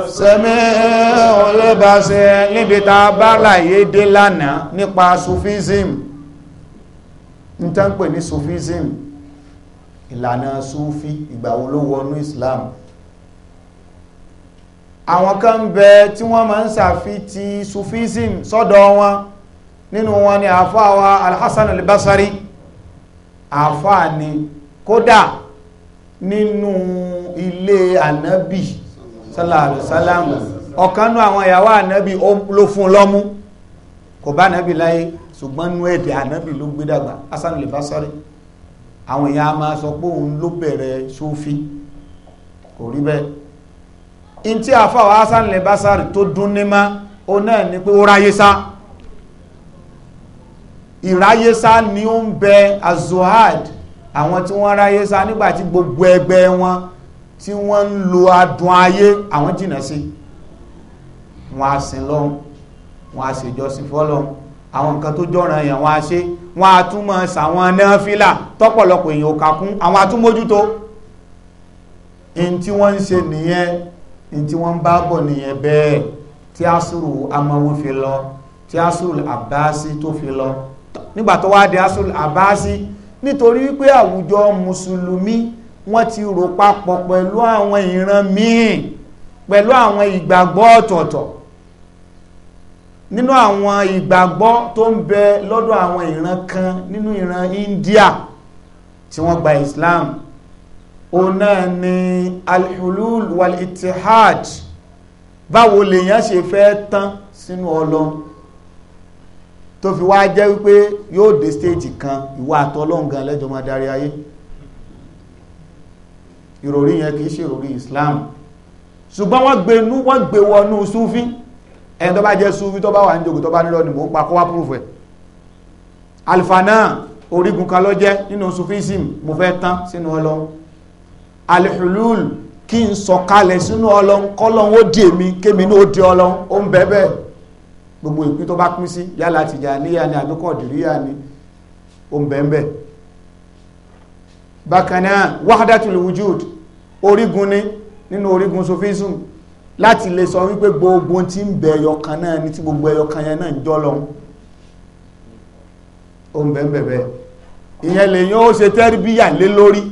sẹ́mẹ́ olébàṣẹ́ níbi ta bá láyé dé lánàá nípa sufism ní tá ń pè ní sufism ìlànà sufi ìgbà wo ló Islam àwọn kan ń bẹ tí wọ́n máa ń sàfi ti sufism sọ́dọ̀ wọn nínú wọn ni àfáà wa Al-Hasan Al-Basri àfáà ni kódà nínú ilé ànábì sálàmù ọ̀kanú àwọn ìyàwó ànábì ló fún lọ́mú kò bá ànábì láyé ṣùgbọ́n nú ẹ̀dẹ̀ ànábì ló gbé dàgbà Hasan al-Basri àwọn èèyàn a máa sọ pé òun ló bẹ̀rẹ̀ sófi kò rí bẹ́ẹ̀ in tí àfáwà Hasan al-Basri tó dún ní má ó náà ni pé ó ráyé sá ìráyé sá ni ó ń bẹ azuhad àwọn tí wọ́n ráyé sá nígbà tí gbogbo ẹgbẹ́ wọn tí wọ́n ń lo adùn ayé àwọn jìnà sí wọ́n á sin lọ́hùn wọ́n á ṣèjọsìn fọ́lọ́hùn àwọn nǹkan tó jọ̀ràn èèyàn wọ́n á ṣe wọ́n á tún máa ṣàwọn náfìlà tọ́pọ̀lọpọ̀ èèyàn ò kà kún àwọn àtúmójútó in tí wọ́n ń ṣe nìyẹn in tí wọ́n ń bá bọ̀ nìyẹn bẹ́ẹ̀ tí asúrù amáwó fi lọ tí asúrù àbáṣí tó fi lọ nígbà tó wá di asúrù àbáṣí nítorí wípé àwùjọ mùsùlùmí wọ́n ti rò papọ̀ pẹ̀lú àwọn ìran míì pẹ̀lú àwọn ìgbàgbọ́ ọ̀tọ̀ọ̀tọ̀ nínú àwọn ìgbàgbọ́ tó ń bẹ lọ́dọ̀ àwọn ìran kan nínú ìran India tí wọ́n gba Islam o náà ni alhulul wal-ittihad báwo lèyàn ṣe fẹ́ tán sínú ọlọ́run tó fi wá jẹ́ wípé yóò dé stéèjì kan ìwà àtọ́lọ́ǹgan lẹ́jọ́ máa darí ayé ìròrí yẹn kìí ṣe ìròrí Islam ṣùgbọ́n wọ́n gbé inú wọ́n gbé wọnú súfí ẹni tó bá jẹ́ súfí tó bá wà ní jòkó tó bá nílò ní mò ń pa kọ́wá púrùfù ẹ̀ alifana orígun kan ló jẹ́ nínú sufism mo fẹ́ tán sínú ọlọ́run alihulul kí n sọ̀kalẹ̀ sínú ọlọ́run kọ́lọ́run ó di èmi kémi ní ó di ọlọ́run ó ń bẹ́ẹ̀ bẹ́ẹ̀ gbogbo ìpín tó bá pín sí yálà tìjàníyà ni àbí kọ̀dìríyà ni ó ń bẹ̀ẹ̀bẹ̀ bákan wujud orígun ni nínú orígun sufism láti lè sọ wípé gbogbo tí ń bẹ ẹyọkan náà ní tí gbogbo ẹyọkan yẹn náà ń jọ lọ ó ń bẹ̀ẹ̀bẹ̀ ìyẹn lèyàn ó ṣe tẹ́rìbíyà lé lórí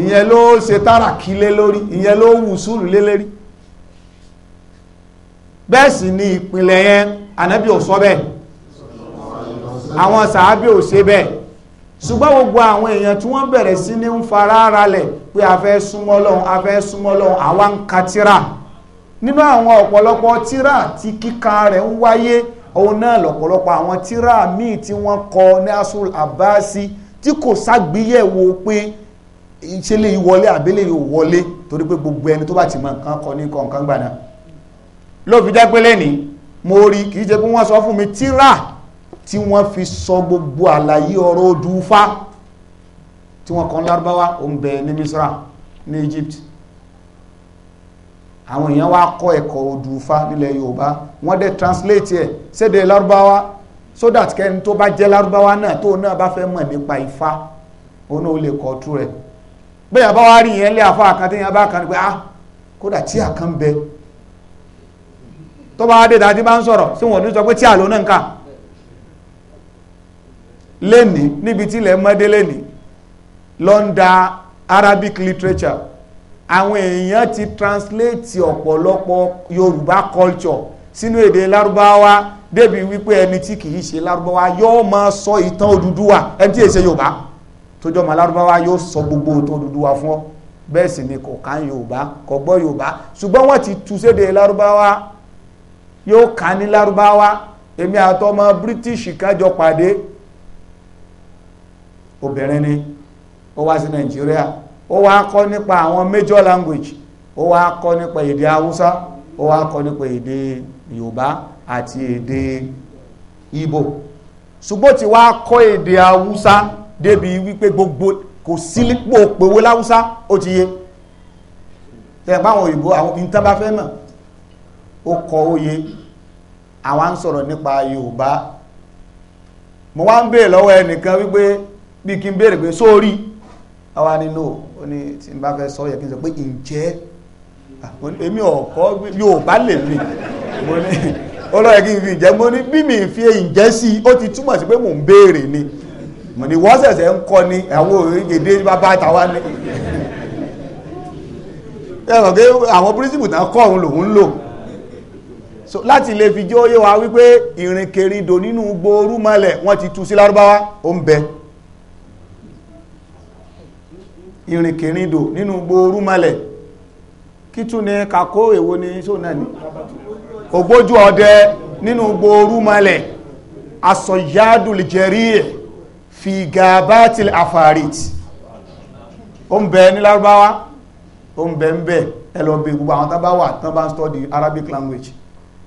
ìyẹn ló ṣe tàràkí lé lórí ìyẹn ló wùsùlù lé lérí bẹ́ẹ̀ sì ni ìpìlẹ̀ yẹn ànábì ò sọ bẹ́ẹ̀ àwọn sàábì ò ṣe bẹ́ẹ̀ ṣùgbọ́n gbogbo àwọn èèyàn tí wọ́n bẹ̀rẹ̀ sí ní ń fara ara lẹ̀ pé a fẹ́ súnmọ́ lọ́hun a fẹ́ súnmọ́ lọ́hun àwa ń ka tíra nínú àwọn ọ̀pọ̀lọpọ̀ tíra tí kíka rẹ̀ ń wáyé òun náà lọ̀pọ̀lọpọ̀ àwọn tíra míì tí wọ́n kọ ní asul abasi tí kò ságbéyẹ̀wò pé ìṣẹ̀lẹ̀ ìwọlé àbẹ́lẹ̀ ìwọlé torí pé gbogbo ẹni tó bá ti mọ nǹkan kọ ní nǹkan gbà ló fi jẹ́ pé lẹ́ni mo rí kì í ṣe pé wọ́n sọ fún mi tíra tí wọ́n fi sọ gbogbo àlàyé ọ̀rọ̀ odùfá tí wọ́n kan lárúbáwá ó ń bẹ ní Misra ní Egypt àwọn èèyàn wá kọ́ ẹ̀kọ́ odùfá nílẹ̀ Yorùbá wọ́n dẹ̀ translate ẹ̀ sédè lárúbáwá so that kẹ́ni tó bá jẹ́ lárúbáwá náà tó náà bá fẹ́ mọ̀ nípa Ifá òun náà ó lè kọ́ tú rẹ̀ bẹ́ẹ̀ bá wá rí yẹn lé àfáà kan téèyàn kan ní pé ah kódà tí àkàn bẹ́ẹ̀ tọ́ba adéta ti bá ń sọ̀rọ̀ sí wọn ò ní sọ pé tí àlọ́ náà ń kà lẹ́ni níbi tí ilẹ̀ mọ́dé lẹ́ni lọ́ndà Arabic literature àwọn èèyàn ti translate ọ̀pọ̀lọpọ̀ Yorùbá culture sínú èdè lárúbáwá débi wípé ẹni tí kìí ṣe lárúbáwá yóò máa sọ ìtàn Odùduwà ẹni tí èsè Yorùbá tó jọmọ lárúbáwá yóò sọ gbogbo ìtàn Odùduwà fún ọ bẹ́ẹ̀ sì ni kò kàn Yorùbá kò gbọ́ Yorùbá ṣùgbọ́n wọ́n ti tu sédè lárúbáwá yóò kà ní lárúbáwá èmi àtọmọ british kájọ pàdé obìnrin ni ó wá sí nàìjíríà ó wá kọ́ nípa àwọn major language ó wá kọ́ nípa èdè haúsá ó wá kọ́ nípa èdè yorùbá àti èdè ìgbò ṣùgbọ́n tí wá kọ́ èdè haúsá débi wípé gbogbo kò sílípò pèwó láwúsá ó ti yé tẹ̀ báwọn òyìnbó àwọn ìntàn bá fẹ́ mọ̀ ó kọ òye àwọn ń sọ̀rọ̀ nípa Yorùbá mo wá ń béèrè lọ́wọ́ ẹnìkan wípé bí kí n béèrè pé sórí àwa nínú ó ní tí n bá fẹ́ sọ yẹ kí n sọ pé ǹjẹ́ èmi ọ̀kọ́ Yorùbá lè mi mo ní ó lọ́yẹ kí n fi ǹjẹ́ mo ní bí mi fi ǹjẹ́ sí ó ti túmọ̀ sí pé mò ń béèrè ni mo ní wọ́n ṣẹ̀ṣẹ̀ ń kọ́ ni àwọn èdè bàbá àtàwa ni ẹ̀rọ̀ pé àwọn pírísìpù tán kọ́ òun lòun lò so láti lè fi jẹ́ òye wa wípé ìrìnkèrindò nínú gbooru mọ́lẹ̀ wọ́n ti tú sí lárúbáwá ó ń bẹ ìrìnkèrindò nínú gbooru mọ́lẹ̀ kí tún ní kakó èwo ni sóò náà ni ògbójú ọdẹ nínú gbooru mọ́lẹ̀ asọ̀yádùl jẹ̀ríyè fi gàbátìl àfàrìt ó ń bẹ ní lárúbáwá ó ń bẹ ń bẹ ẹ lọ bẹ gbogbo àwọn tábà wà tán bá ń study Arabic language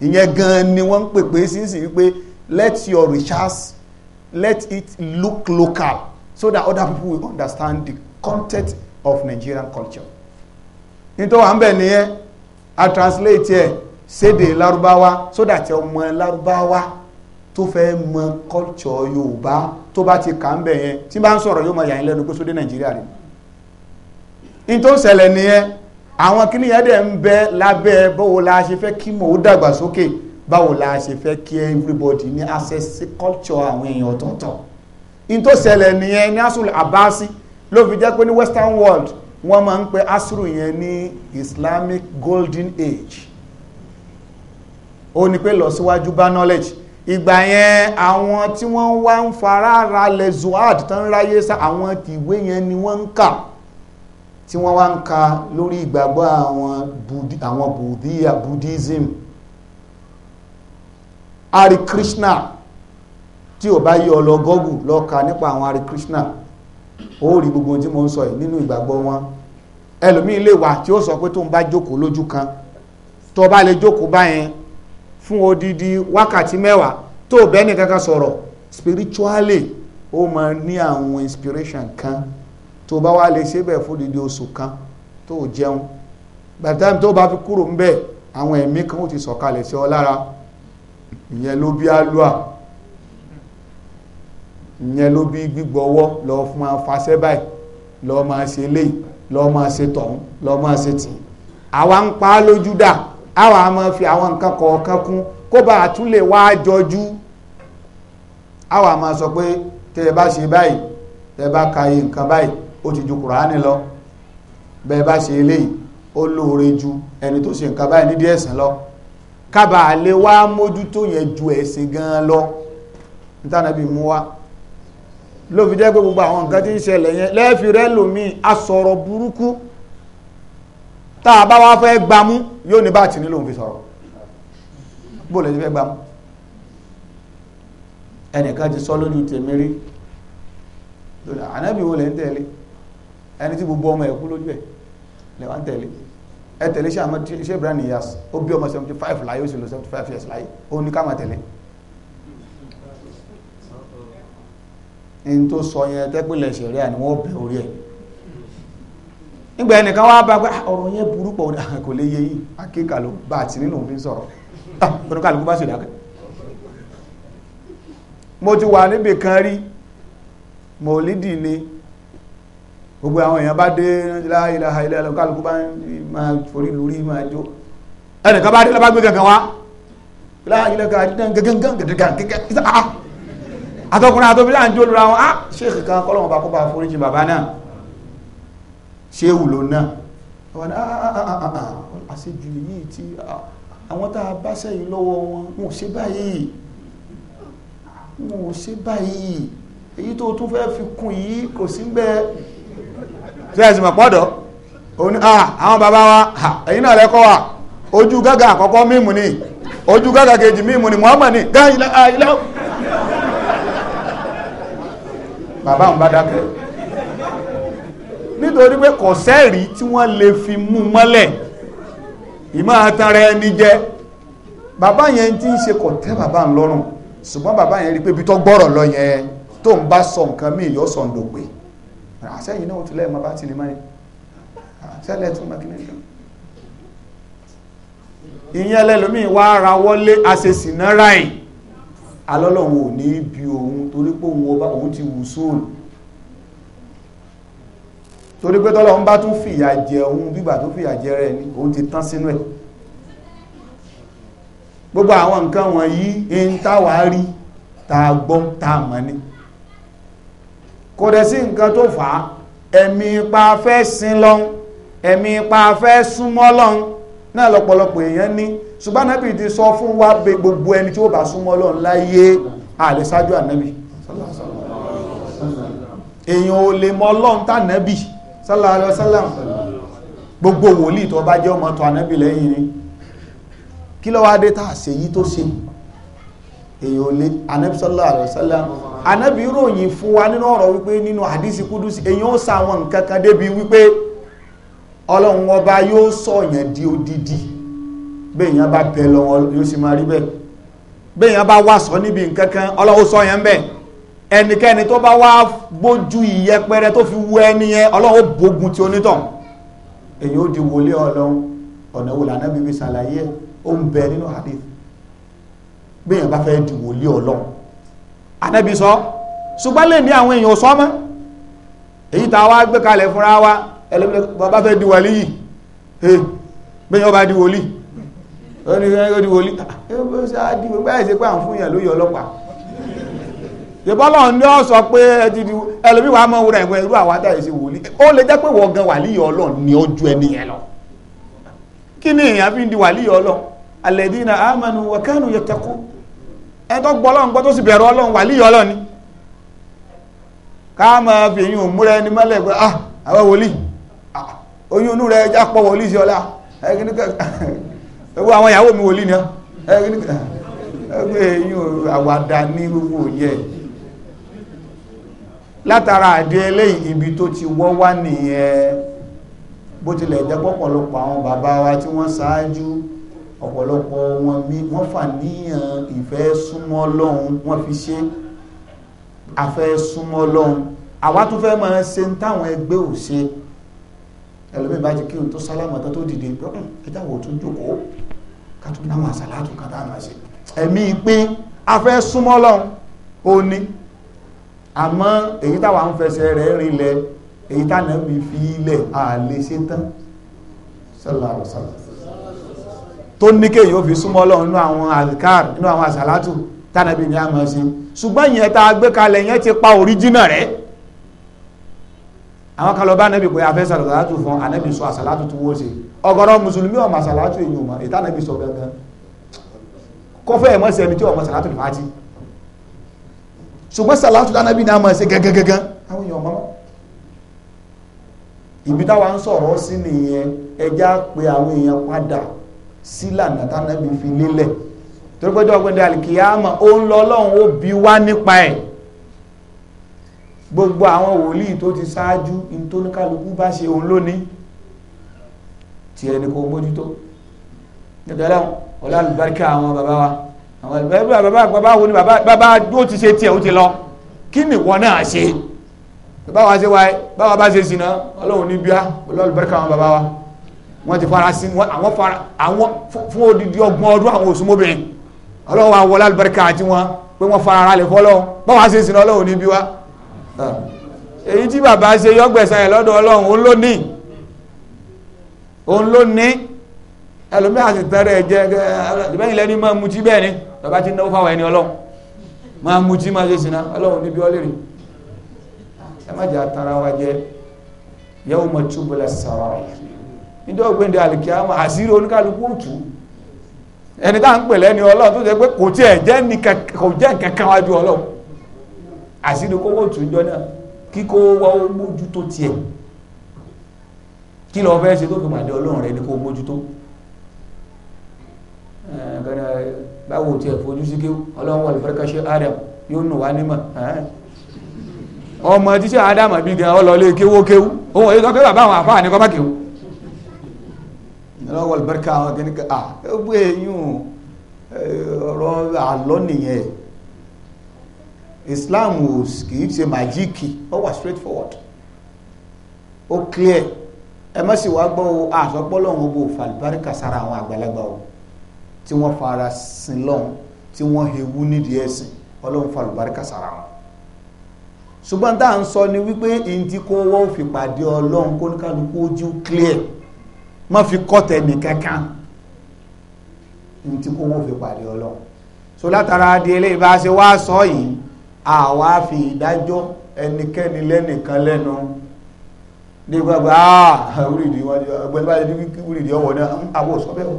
ìyẹn gan ni wọ́n ń pè pé sínsìn wípé let your research let it look local so that other people will understand the content of Nigerian culture. nítorí wà ń bẹ̀ nìyẹn a translate ẹ̀ sédè lárúbáwá so that ọmọ larubawa tó fẹ́ mọ culture yorùbá tó bá ti kà ń bẹ̀ yẹn tí bá ń sọ̀rọ̀ yóò mọ yàrá lẹ́nu pé sódé nàìjíríà rẹ̀ ní tó nìyẹn àwọn kíní yẹn dẹ̀ ń bẹ lábẹ́ báwo la ṣe fẹ́ kí mò ń dàgbà sókè báwo la ṣe fẹ́ kí everybody ní access culture àwọn èèyàn ọ̀tọ̀ọ̀tọ̀ in tó ṣẹlẹ̀ nìyẹn ní asul abasi ló fi jẹ́ pé ní western world wọ́n máa ń pe asru yẹn ní islamic golden age ó ní pé lọ síwájú bá knowledge ìgbà yẹn àwọn tí wọ́n wá ń fara ralẹ̀ zuhad tán ráyé sá àwọn ìwé yẹn ni wọ́n ń kà tí wọ́n wá ń ka lórí ìgbàgbọ́ àwọn buddhiya buddhism Hare Krishna tí ò bá yí ọ lọ gọ́gù lọ ka nípa àwọn Hare Krishna ó rí gbogbo tí mo ń sọ yìí nínú ìgbàgbọ́ wọn ẹlòmíín lè wà tí ó sọ pé tó ń bá jókòó lójú kan tó bá lè jókòó báyẹn fún odidi wákàtí mẹ́wàá tó bẹ́ẹ̀ nìkan kan sọ̀rọ̀ spiritually ó máa ní àwọn inspiration kan tó bá wá lè ṣe bẹ́ẹ̀ fódìdí oṣù kan tó jẹun bàtà tó bá fi kúrò ń bẹ̀ àwọn ẹ̀mí kan ó ti sọ̀kalẹ̀ sí ọ lára ìyẹn ló bí alúà ìyẹn ló bí gbígbọ́wọ́ lọ fún máa fasẹ́ báyìí lọ máa ṣe léyìí lọ máa ṣe tọ̀hún lọ máa ṣe tì àwa ń pa á lójú dà àwa máa fi àwọn nǹkan kọ̀ọ̀kan kún kó bá àtún lè wá jọjú àwa máa sọ pé tẹ́ ẹ bá ṣe báyìí tẹ́ ẹ bá ka iye nǹkan báyìí ó ti ju kùránì lọ bẹ́ẹ̀ bá ṣe eléyìí ó lóore ju ẹni tó ṣe nǹkan báyìí nídìí ẹ̀sìn lọ kábàá lè wá mójútó yẹn ju ẹ̀sìn gan lọ nítànàbí mú wá ló fi jẹ́ pé gbogbo àwọn nǹkan tí ń ṣẹlẹ̀ yẹn lẹ́ẹ̀fì rẹ lòmí asọ̀rọ̀ burúkú tá a bá wá fẹ́ gbámú yóò ní bá ti nílò òun fi sọ̀rọ̀ bó lè ti fẹ́ gbámú ẹnìkan ti sọ lójú tèmi rí ànábì wo lè ń tẹ̀lé ẹni tí gbogbo ọmọ ẹ̀kú lójú ẹ̀ lẹ́wọ́n tẹ̀lé ẹ tẹ̀lé ṣé Ibrahim Niyas ó bí ọmọ seventy five láyé ó sì lọ seventy five years láyé ó ní ká máa tẹ̀lé ní tó sọ yẹn tẹ́pìlẹ̀ ṣẹ̀rí à ní wọ́n bẹ̀ orí ẹ̀ nígbà ẹnìkan wá bá pé ah, ọ̀rọ̀ yẹn burú pọ̀ kò lè yẹ yìí akéka ló bá àti nínú òfin sọ̀rọ̀ tá ah, bá ṣèlú akẹ́ mo ti wà níbì kan rí mọ̀lídì ni gbogbo àwọn èèyàn bá dé láìláha ilẹ̀ alọ́kálùkù bá máa forí lórí máa jó ẹnìkan bá dé lọ́bá gbé gẹ̀gẹ̀ wá láìlẹ́ka gẹ̀gẹ̀gẹ̀gẹ̀gẹ̀gẹ̀ ah, ah. àtọkùnrin àtọbí láà ń jó lura wọn á ah, ṣéèkì kan kọ́lọ́wọ́n bá kó bá forí jì bàbá náà ṣéèwù ló náà wọn àṣejù yìí tí àwọn tá a bá sẹ́yìn lọ́wọ́ wọn wọn ò ṣe báyìí wọn ò ṣe báyìí èyí tó tún fẹ́ fi kún yìí kò sí ń bẹ́ẹ̀ tí ẹ ma mọ̀ pọ́dọ̀ àwọn bàbá wa ẹ̀yin náà lẹ́kọ́ wa ojú gága àkọ́kọ́ mímu ni ojú gága kejì mímu ni Muhammad ni gá bàbá òun bá dákẹ́ nítorí pé kò tí wọ́n lè fi mú mọ́lẹ̀ ìmọ̀ àtàrà ẹni jẹ́ bàbá yẹn ń ṣe tẹ́ bàbá ń lọ́rùn ṣùgbọ́n bàbá ibi tó gbọ́rọ̀ lọ yẹn tó ń bá sọ nǹkan míì ń àṣẹ́yìn ah, náà tún lẹ́ẹ̀mọ́ bá ti lè máa àṣẹ́lẹ̀ ah, tún máa kìnnìkan ìyẹn lẹ́lómi wá ara wọlé àṣẹsì náà ráì alọ́lọ́wọ̀n ò ní bí òun torí pé òun ọba òun ti wù sóòlù torí pé tọ́lọ́ ń bá tún fìyà jẹ òun bígbà tó fìyà jẹ rẹ̀ ni òun ti tán sínú ẹ̀ gbogbo àwọn nǹkan wọ̀nyí ń táwàá rí tá a gbọ́ mọ̀ ni kò dẹ̀ sí nǹkan tó fà á ẹ̀mí ipa fẹ́ sin lọ́n ẹ̀mí ipa fẹ́ súnmọ́ lọ́n náà lọ́pọ̀lọpọ̀ èèyàn ní ṣùgbọ́n anábì ti sọ fún wa pé gbogbo ẹni tí ó bá súnmọ́ lọ́n láyé àlè ṣáájú ànábì èèyàn ò lè mọ lọ́n tànábì sallallahu alaihi wasallam gbogbo wòlíì tó bá jẹ́ ọmọ tó ànábì lẹ́yìn ni kí ló wá tá a ṣèyí tó ṣe èyàn ò lè Ànábì sallallahu alaihi wasallam Ànábì ròyìn fún wa nínú ọ̀rọ̀ wípé nínú hadisi kudusi èyàn ó sa àwọn nǹkan kan débi wípé ọlọ́run ọba yóò sọ̀yàn di odidi bẹ́ẹ̀yàn bá bẹ lọ́wọ́ yóò sì máa rí bẹ́ẹ̀ bẹ́ẹ̀yàn bá wá sọ níbi nǹkan kan ọlọ́run sọ̀yàn bẹ́ẹ̀ ẹnikẹ́ni tó bá wá gbójú ìyẹpẹrẹ tó fi wú ẹni yẹn ọlọ́run bógun ti onítàn èyàn ó di wòlé ọlọ́run ọ̀nà wo lànà bíbí ṣàlàyé ó ń bẹ nínú hadith bẹ́yàn bá fẹ́ di wòlíì ọlọ́run anábì sọ ṣùgbọ́n lè ní àwọn èèyàn sọ mọ́ èyí tá a wá gbé kalẹ̀ fúnra wa ẹlẹ́gbẹ̀rẹ́ bá fẹ́ di wòlíì yìí hey bẹ́yàn bá di wòlíì ó ní ẹgbẹ́ di wòlíì ah, ẹgbẹ́ sọ á di wòlíì ṣe pé à ń fún yàn lóye ọlọ́pàá ìbọ́lọ̀ ní ọ sọ pé ẹlòmí wa mọ́ wúra ẹ̀wọ̀n irú àwọn adáyé sí wòlíì ó lè jẹ́ pé wọ́n gan wàlíì ọlọ́run ni ó ju ẹni yẹn lọ kí ni èèyàn fi ń di wàlíì ọlọ́run alladina ẹ tó gbọ́ ọlọ́run gbọ́ tó sì bẹ̀rù ọlọ́run wà líyọ̀ ọlọ́ni ká máa fi èyí òmúra ẹni mọ́lẹ̀ pé ah àwọn wòlíì ah, oyún inú rẹ̀ já pọ̀ wòlíì sí ọlá ẹgbẹ́ àwọn ìyàwó mi wòlíì ni ọ ẹgbẹ́ èyí àwàdà ní gbogbo yẹ látara àdé eléyìí ibi tó ti wọ́ wá nìyẹn bó tilẹ̀ jẹ́ pọ̀pọ̀lọpọ̀ àwọn bàbá wa tí wọ́n ṣáájú ọ̀pọ̀lọpọ̀ wọn mi wọ́n fà níyàn ìfẹ́ súnmọ́ lọ́hun wọ́n fi ṣe afẹ́ súnmọ́ lọ́hun àwa tún fẹ́ máa ṣe ń táwọn ẹgbẹ́ ò ṣe ẹlòmíì bá ti kí n tó sálámà tó tó dìde pé hmm, ẹjá wo tún jókòó ká tún náwọn àṣàlátù kan tá a máa ṣe ẹ̀mí pé afẹ́ súnmọ́ lọ́hun ó ní àmọ́ èyí táwa ń fẹsẹ̀ rẹ̀ rinlẹ̀ èyí tánà mi fi ilẹ̀ àlè ṣe tán sallallahu alaihi wasallam tó ní kéyìn ó fi súnmọ́ Ọlọ́run nínú àwọn alkar nínú àwọn àsàlátù tánàbí ní àmọ́ sí ṣùgbọ́n ìyẹn tá a gbé kalẹ̀ yẹn ti pa òríjínà rẹ̀ àwọn kan lọ bá ànábì pé afẹ́ sàlátù fún ànábì sọ àsàlátù tó wó ṣe ọ̀gọ̀rọ̀ mùsùlùmí ọmọ àsàlátù èyí ọmọ ètà ànábì sọ gangan kọfẹ́ ẹ̀mọ́ sí ẹni tí ọmọ sàlátù lè fàájì ṣùgbọ́n sàlátù tánàbí ní àmọ́ sí gangan àwọn èèyàn táwa ń sọ̀rọ̀ sí nìyẹn ẹjá pé àwọn èèyàn padà sílànà tánàbí fi lélẹ̀ torí pé jọ́ gbẹ́dẹ́ alìkìyàmà ó ń lọ lọ́hùn ó bi wá nípa ẹ̀ gbogbo àwọn wòlíì tó ti ṣáájú in tó ní kálukú bá ṣe òun lónìí tí ẹni kò mójútó nígbàlá ọ̀lá àlùbáríkà àwọn bàbá wa àwọn àlùbáríkà bàbá bàbá wo ni bàbá ó ti ṣe tiẹ̀ ó ti lọ kí ni ìwọ náà ṣe bàbá wa ṣe wáyé bàbá wa bá ṣe sìnà ọlọ́run ní bíá ọlọ́run àlùbáríkà àwọn bàbá wa wọ́n ti fara sí àwọn fara àwọn fún odidi ọgbọ̀n ọdún àwọn òsùnmọ́bìnrin ọlọ́run wa wọlé alibarika àti wọn pé wọ́n fara ara lè fọ́lọ́run báwa ṣe sin ọlọ́run ní bí wa ah. èyí tí bàbá ṣe yọgbẹ̀sán yẹn lọ́dọ̀ ọlọ́run òun ló ní òun ló ní ẹlòmí àti tẹrẹ jẹ ẹlòmí lẹni máa mutí bẹ́ẹ̀ ni bàbá ti náwó fáwọn ẹni ọlọ́run máa mutí máa ṣe sinna ọlọ́run níbi ọlẹ́rìí ẹ má jà tara wa jẹ yawma tubla sarair níjọ́ gbẹ̀ndẹ̀ àlìkíyàmọ̀ àṣírí oníkálukú tù ẹni tá ń pè lẹ́ni ọlọ́run tó ṣe pé kò tiẹ̀ jẹ́ jẹ́ kankan wájú ọlọ́run àṣírí kókó tù níjọ́ náà kíkó wá mójútó tiẹ̀ kí lọ́ọ́ fẹ́ ṣe tó fi pàdé ọlọ́run rẹ ní kó mójútó báwo tiẹ̀ fojú sí kí ọlọ́run wà yóò nù wá nímọ̀ ọmọ gan kéwó kéwú ìnáwó àlùbáríkà àwọn kìíní kan à gbogbo èyún ọ̀rọ̀ àlọ́ nìyẹn Islam kìí ṣe màjíìkì ó wà straight forward ó clear ẹ má sì wá gbọ́ o àsọpọ́lọ́ wọn bò fàlùbáríkà sára àwọn àgbàlagbà o tí wọ́n fara sin lọ́hùn tí wọ́n hewu nídìí ẹ̀sìn ọlọ́run fàlùbáríkà sára wọn ṣùgbọ́n tá à ń sọ ni wípé ìdí wọ́n fi pàdé ọlọ́run kó ojú clear má fi kọ́tẹ̀ ní kankan ní tí kówó fi pàdé ọlọ́run so látara di eléyìí bá ṣe wá sọ yìí àwa fi ìdájọ́ ẹnikẹ́ni lẹ́nìkan lẹ́nu ní gbogbo àà ah, wúrìdì ọgbẹ́ni báyìí wúrìdì ọwọ́ náà hmm, àwọ̀ sọ bẹ́ẹ̀ o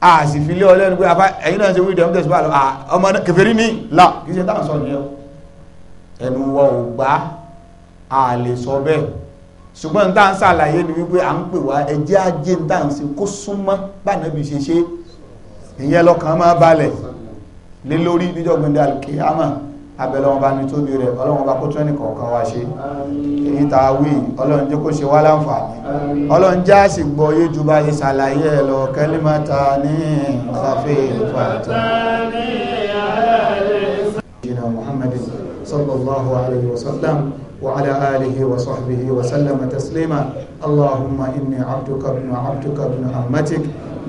a sì fi lé ọlẹ́nu pé ẹ̀yìn náà ṣe wúrìdì ọmọdé ṣùgbọ́n àlọ́ ọmọ kèfèrí ní là kìí ṣe táwọn sọ nìyẹn ẹnu wọ ò a lè sọ bẹ́ẹ̀ ṣùgbọ́n tá à ń ṣàlàyé ni wípé à ń pè wá ẹjẹ́ ajé ń tà ń ṣe kó súnmọ́ bánábì ṣe ṣe ìyẹn lọ́kàn máa balẹ̀ lé lórí níjọ́gbìndà kìámà abẹ́lẹ́ wọn bá ní tóbi rẹ̀ ọlọ́run bá kó tún ẹnìkọ̀ọ̀kan wá ṣe èyí tá wí ọlọ́run jẹ́ kó ṣe wá láǹfààní ọlọ́run já sì yé ju bá ṣe ṣàlàyé ẹ̀ lọ kẹ́límátà ní ìsàfẹ́ ìfàtà jìnnà muhammadin sallallahu alayhi wa sallam وعلى آله وصحبه وسلم تسليما اللهم إني عبدك ابن عبدك ابن أمتك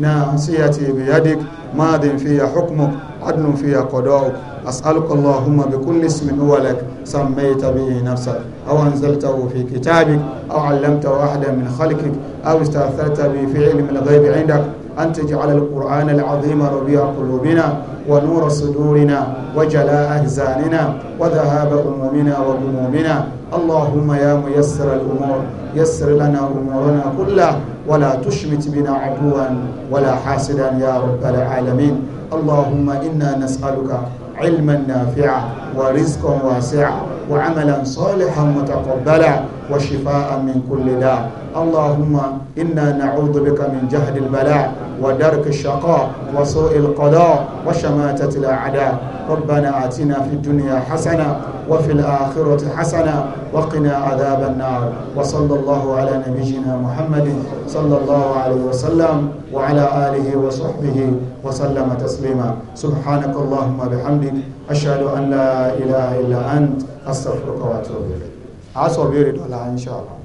ناصيتي بيدك ماض في حكمك عدل في قضاؤك أسألك اللهم بكل اسم هو لك سميت به نفسك أو أنزلته في كتابك أو علمته أحدا من خلقك أو استأثرت به في علم الغيب عندك أن تجعل القرآن العظيم ربيع قلوبنا ونور صدورنا وجلاء أحزاننا وذهاب أمومنا وغمومنا اللهم يا ميسر الأمور يسر لنا أمورنا كلها ولا تشمت بنا عدوا ولا حاسدا يا رب العالمين اللهم إنا نسألك علما نافعا ورزقا واسعا وعملا صالحا متقبلا وشفاء من كل داء اللهم إنا نعوذ بك من جهد البلاء ودرك الشقاء وسوء القضاء وشماتة الأعداء ربنا آتنا في الدنيا حسنة وفي الآخرة حسنة وقنا عذاب النار وصلى الله على نبينا محمد صلى الله عليه وسلم وعلى آله وصحبه وسلم تسليما سبحانك اللهم بحمدك أشهد أن لا إله إلا أنت astaghfirullah wa atubu ilayh a sọ béèrè dọ́là inshallah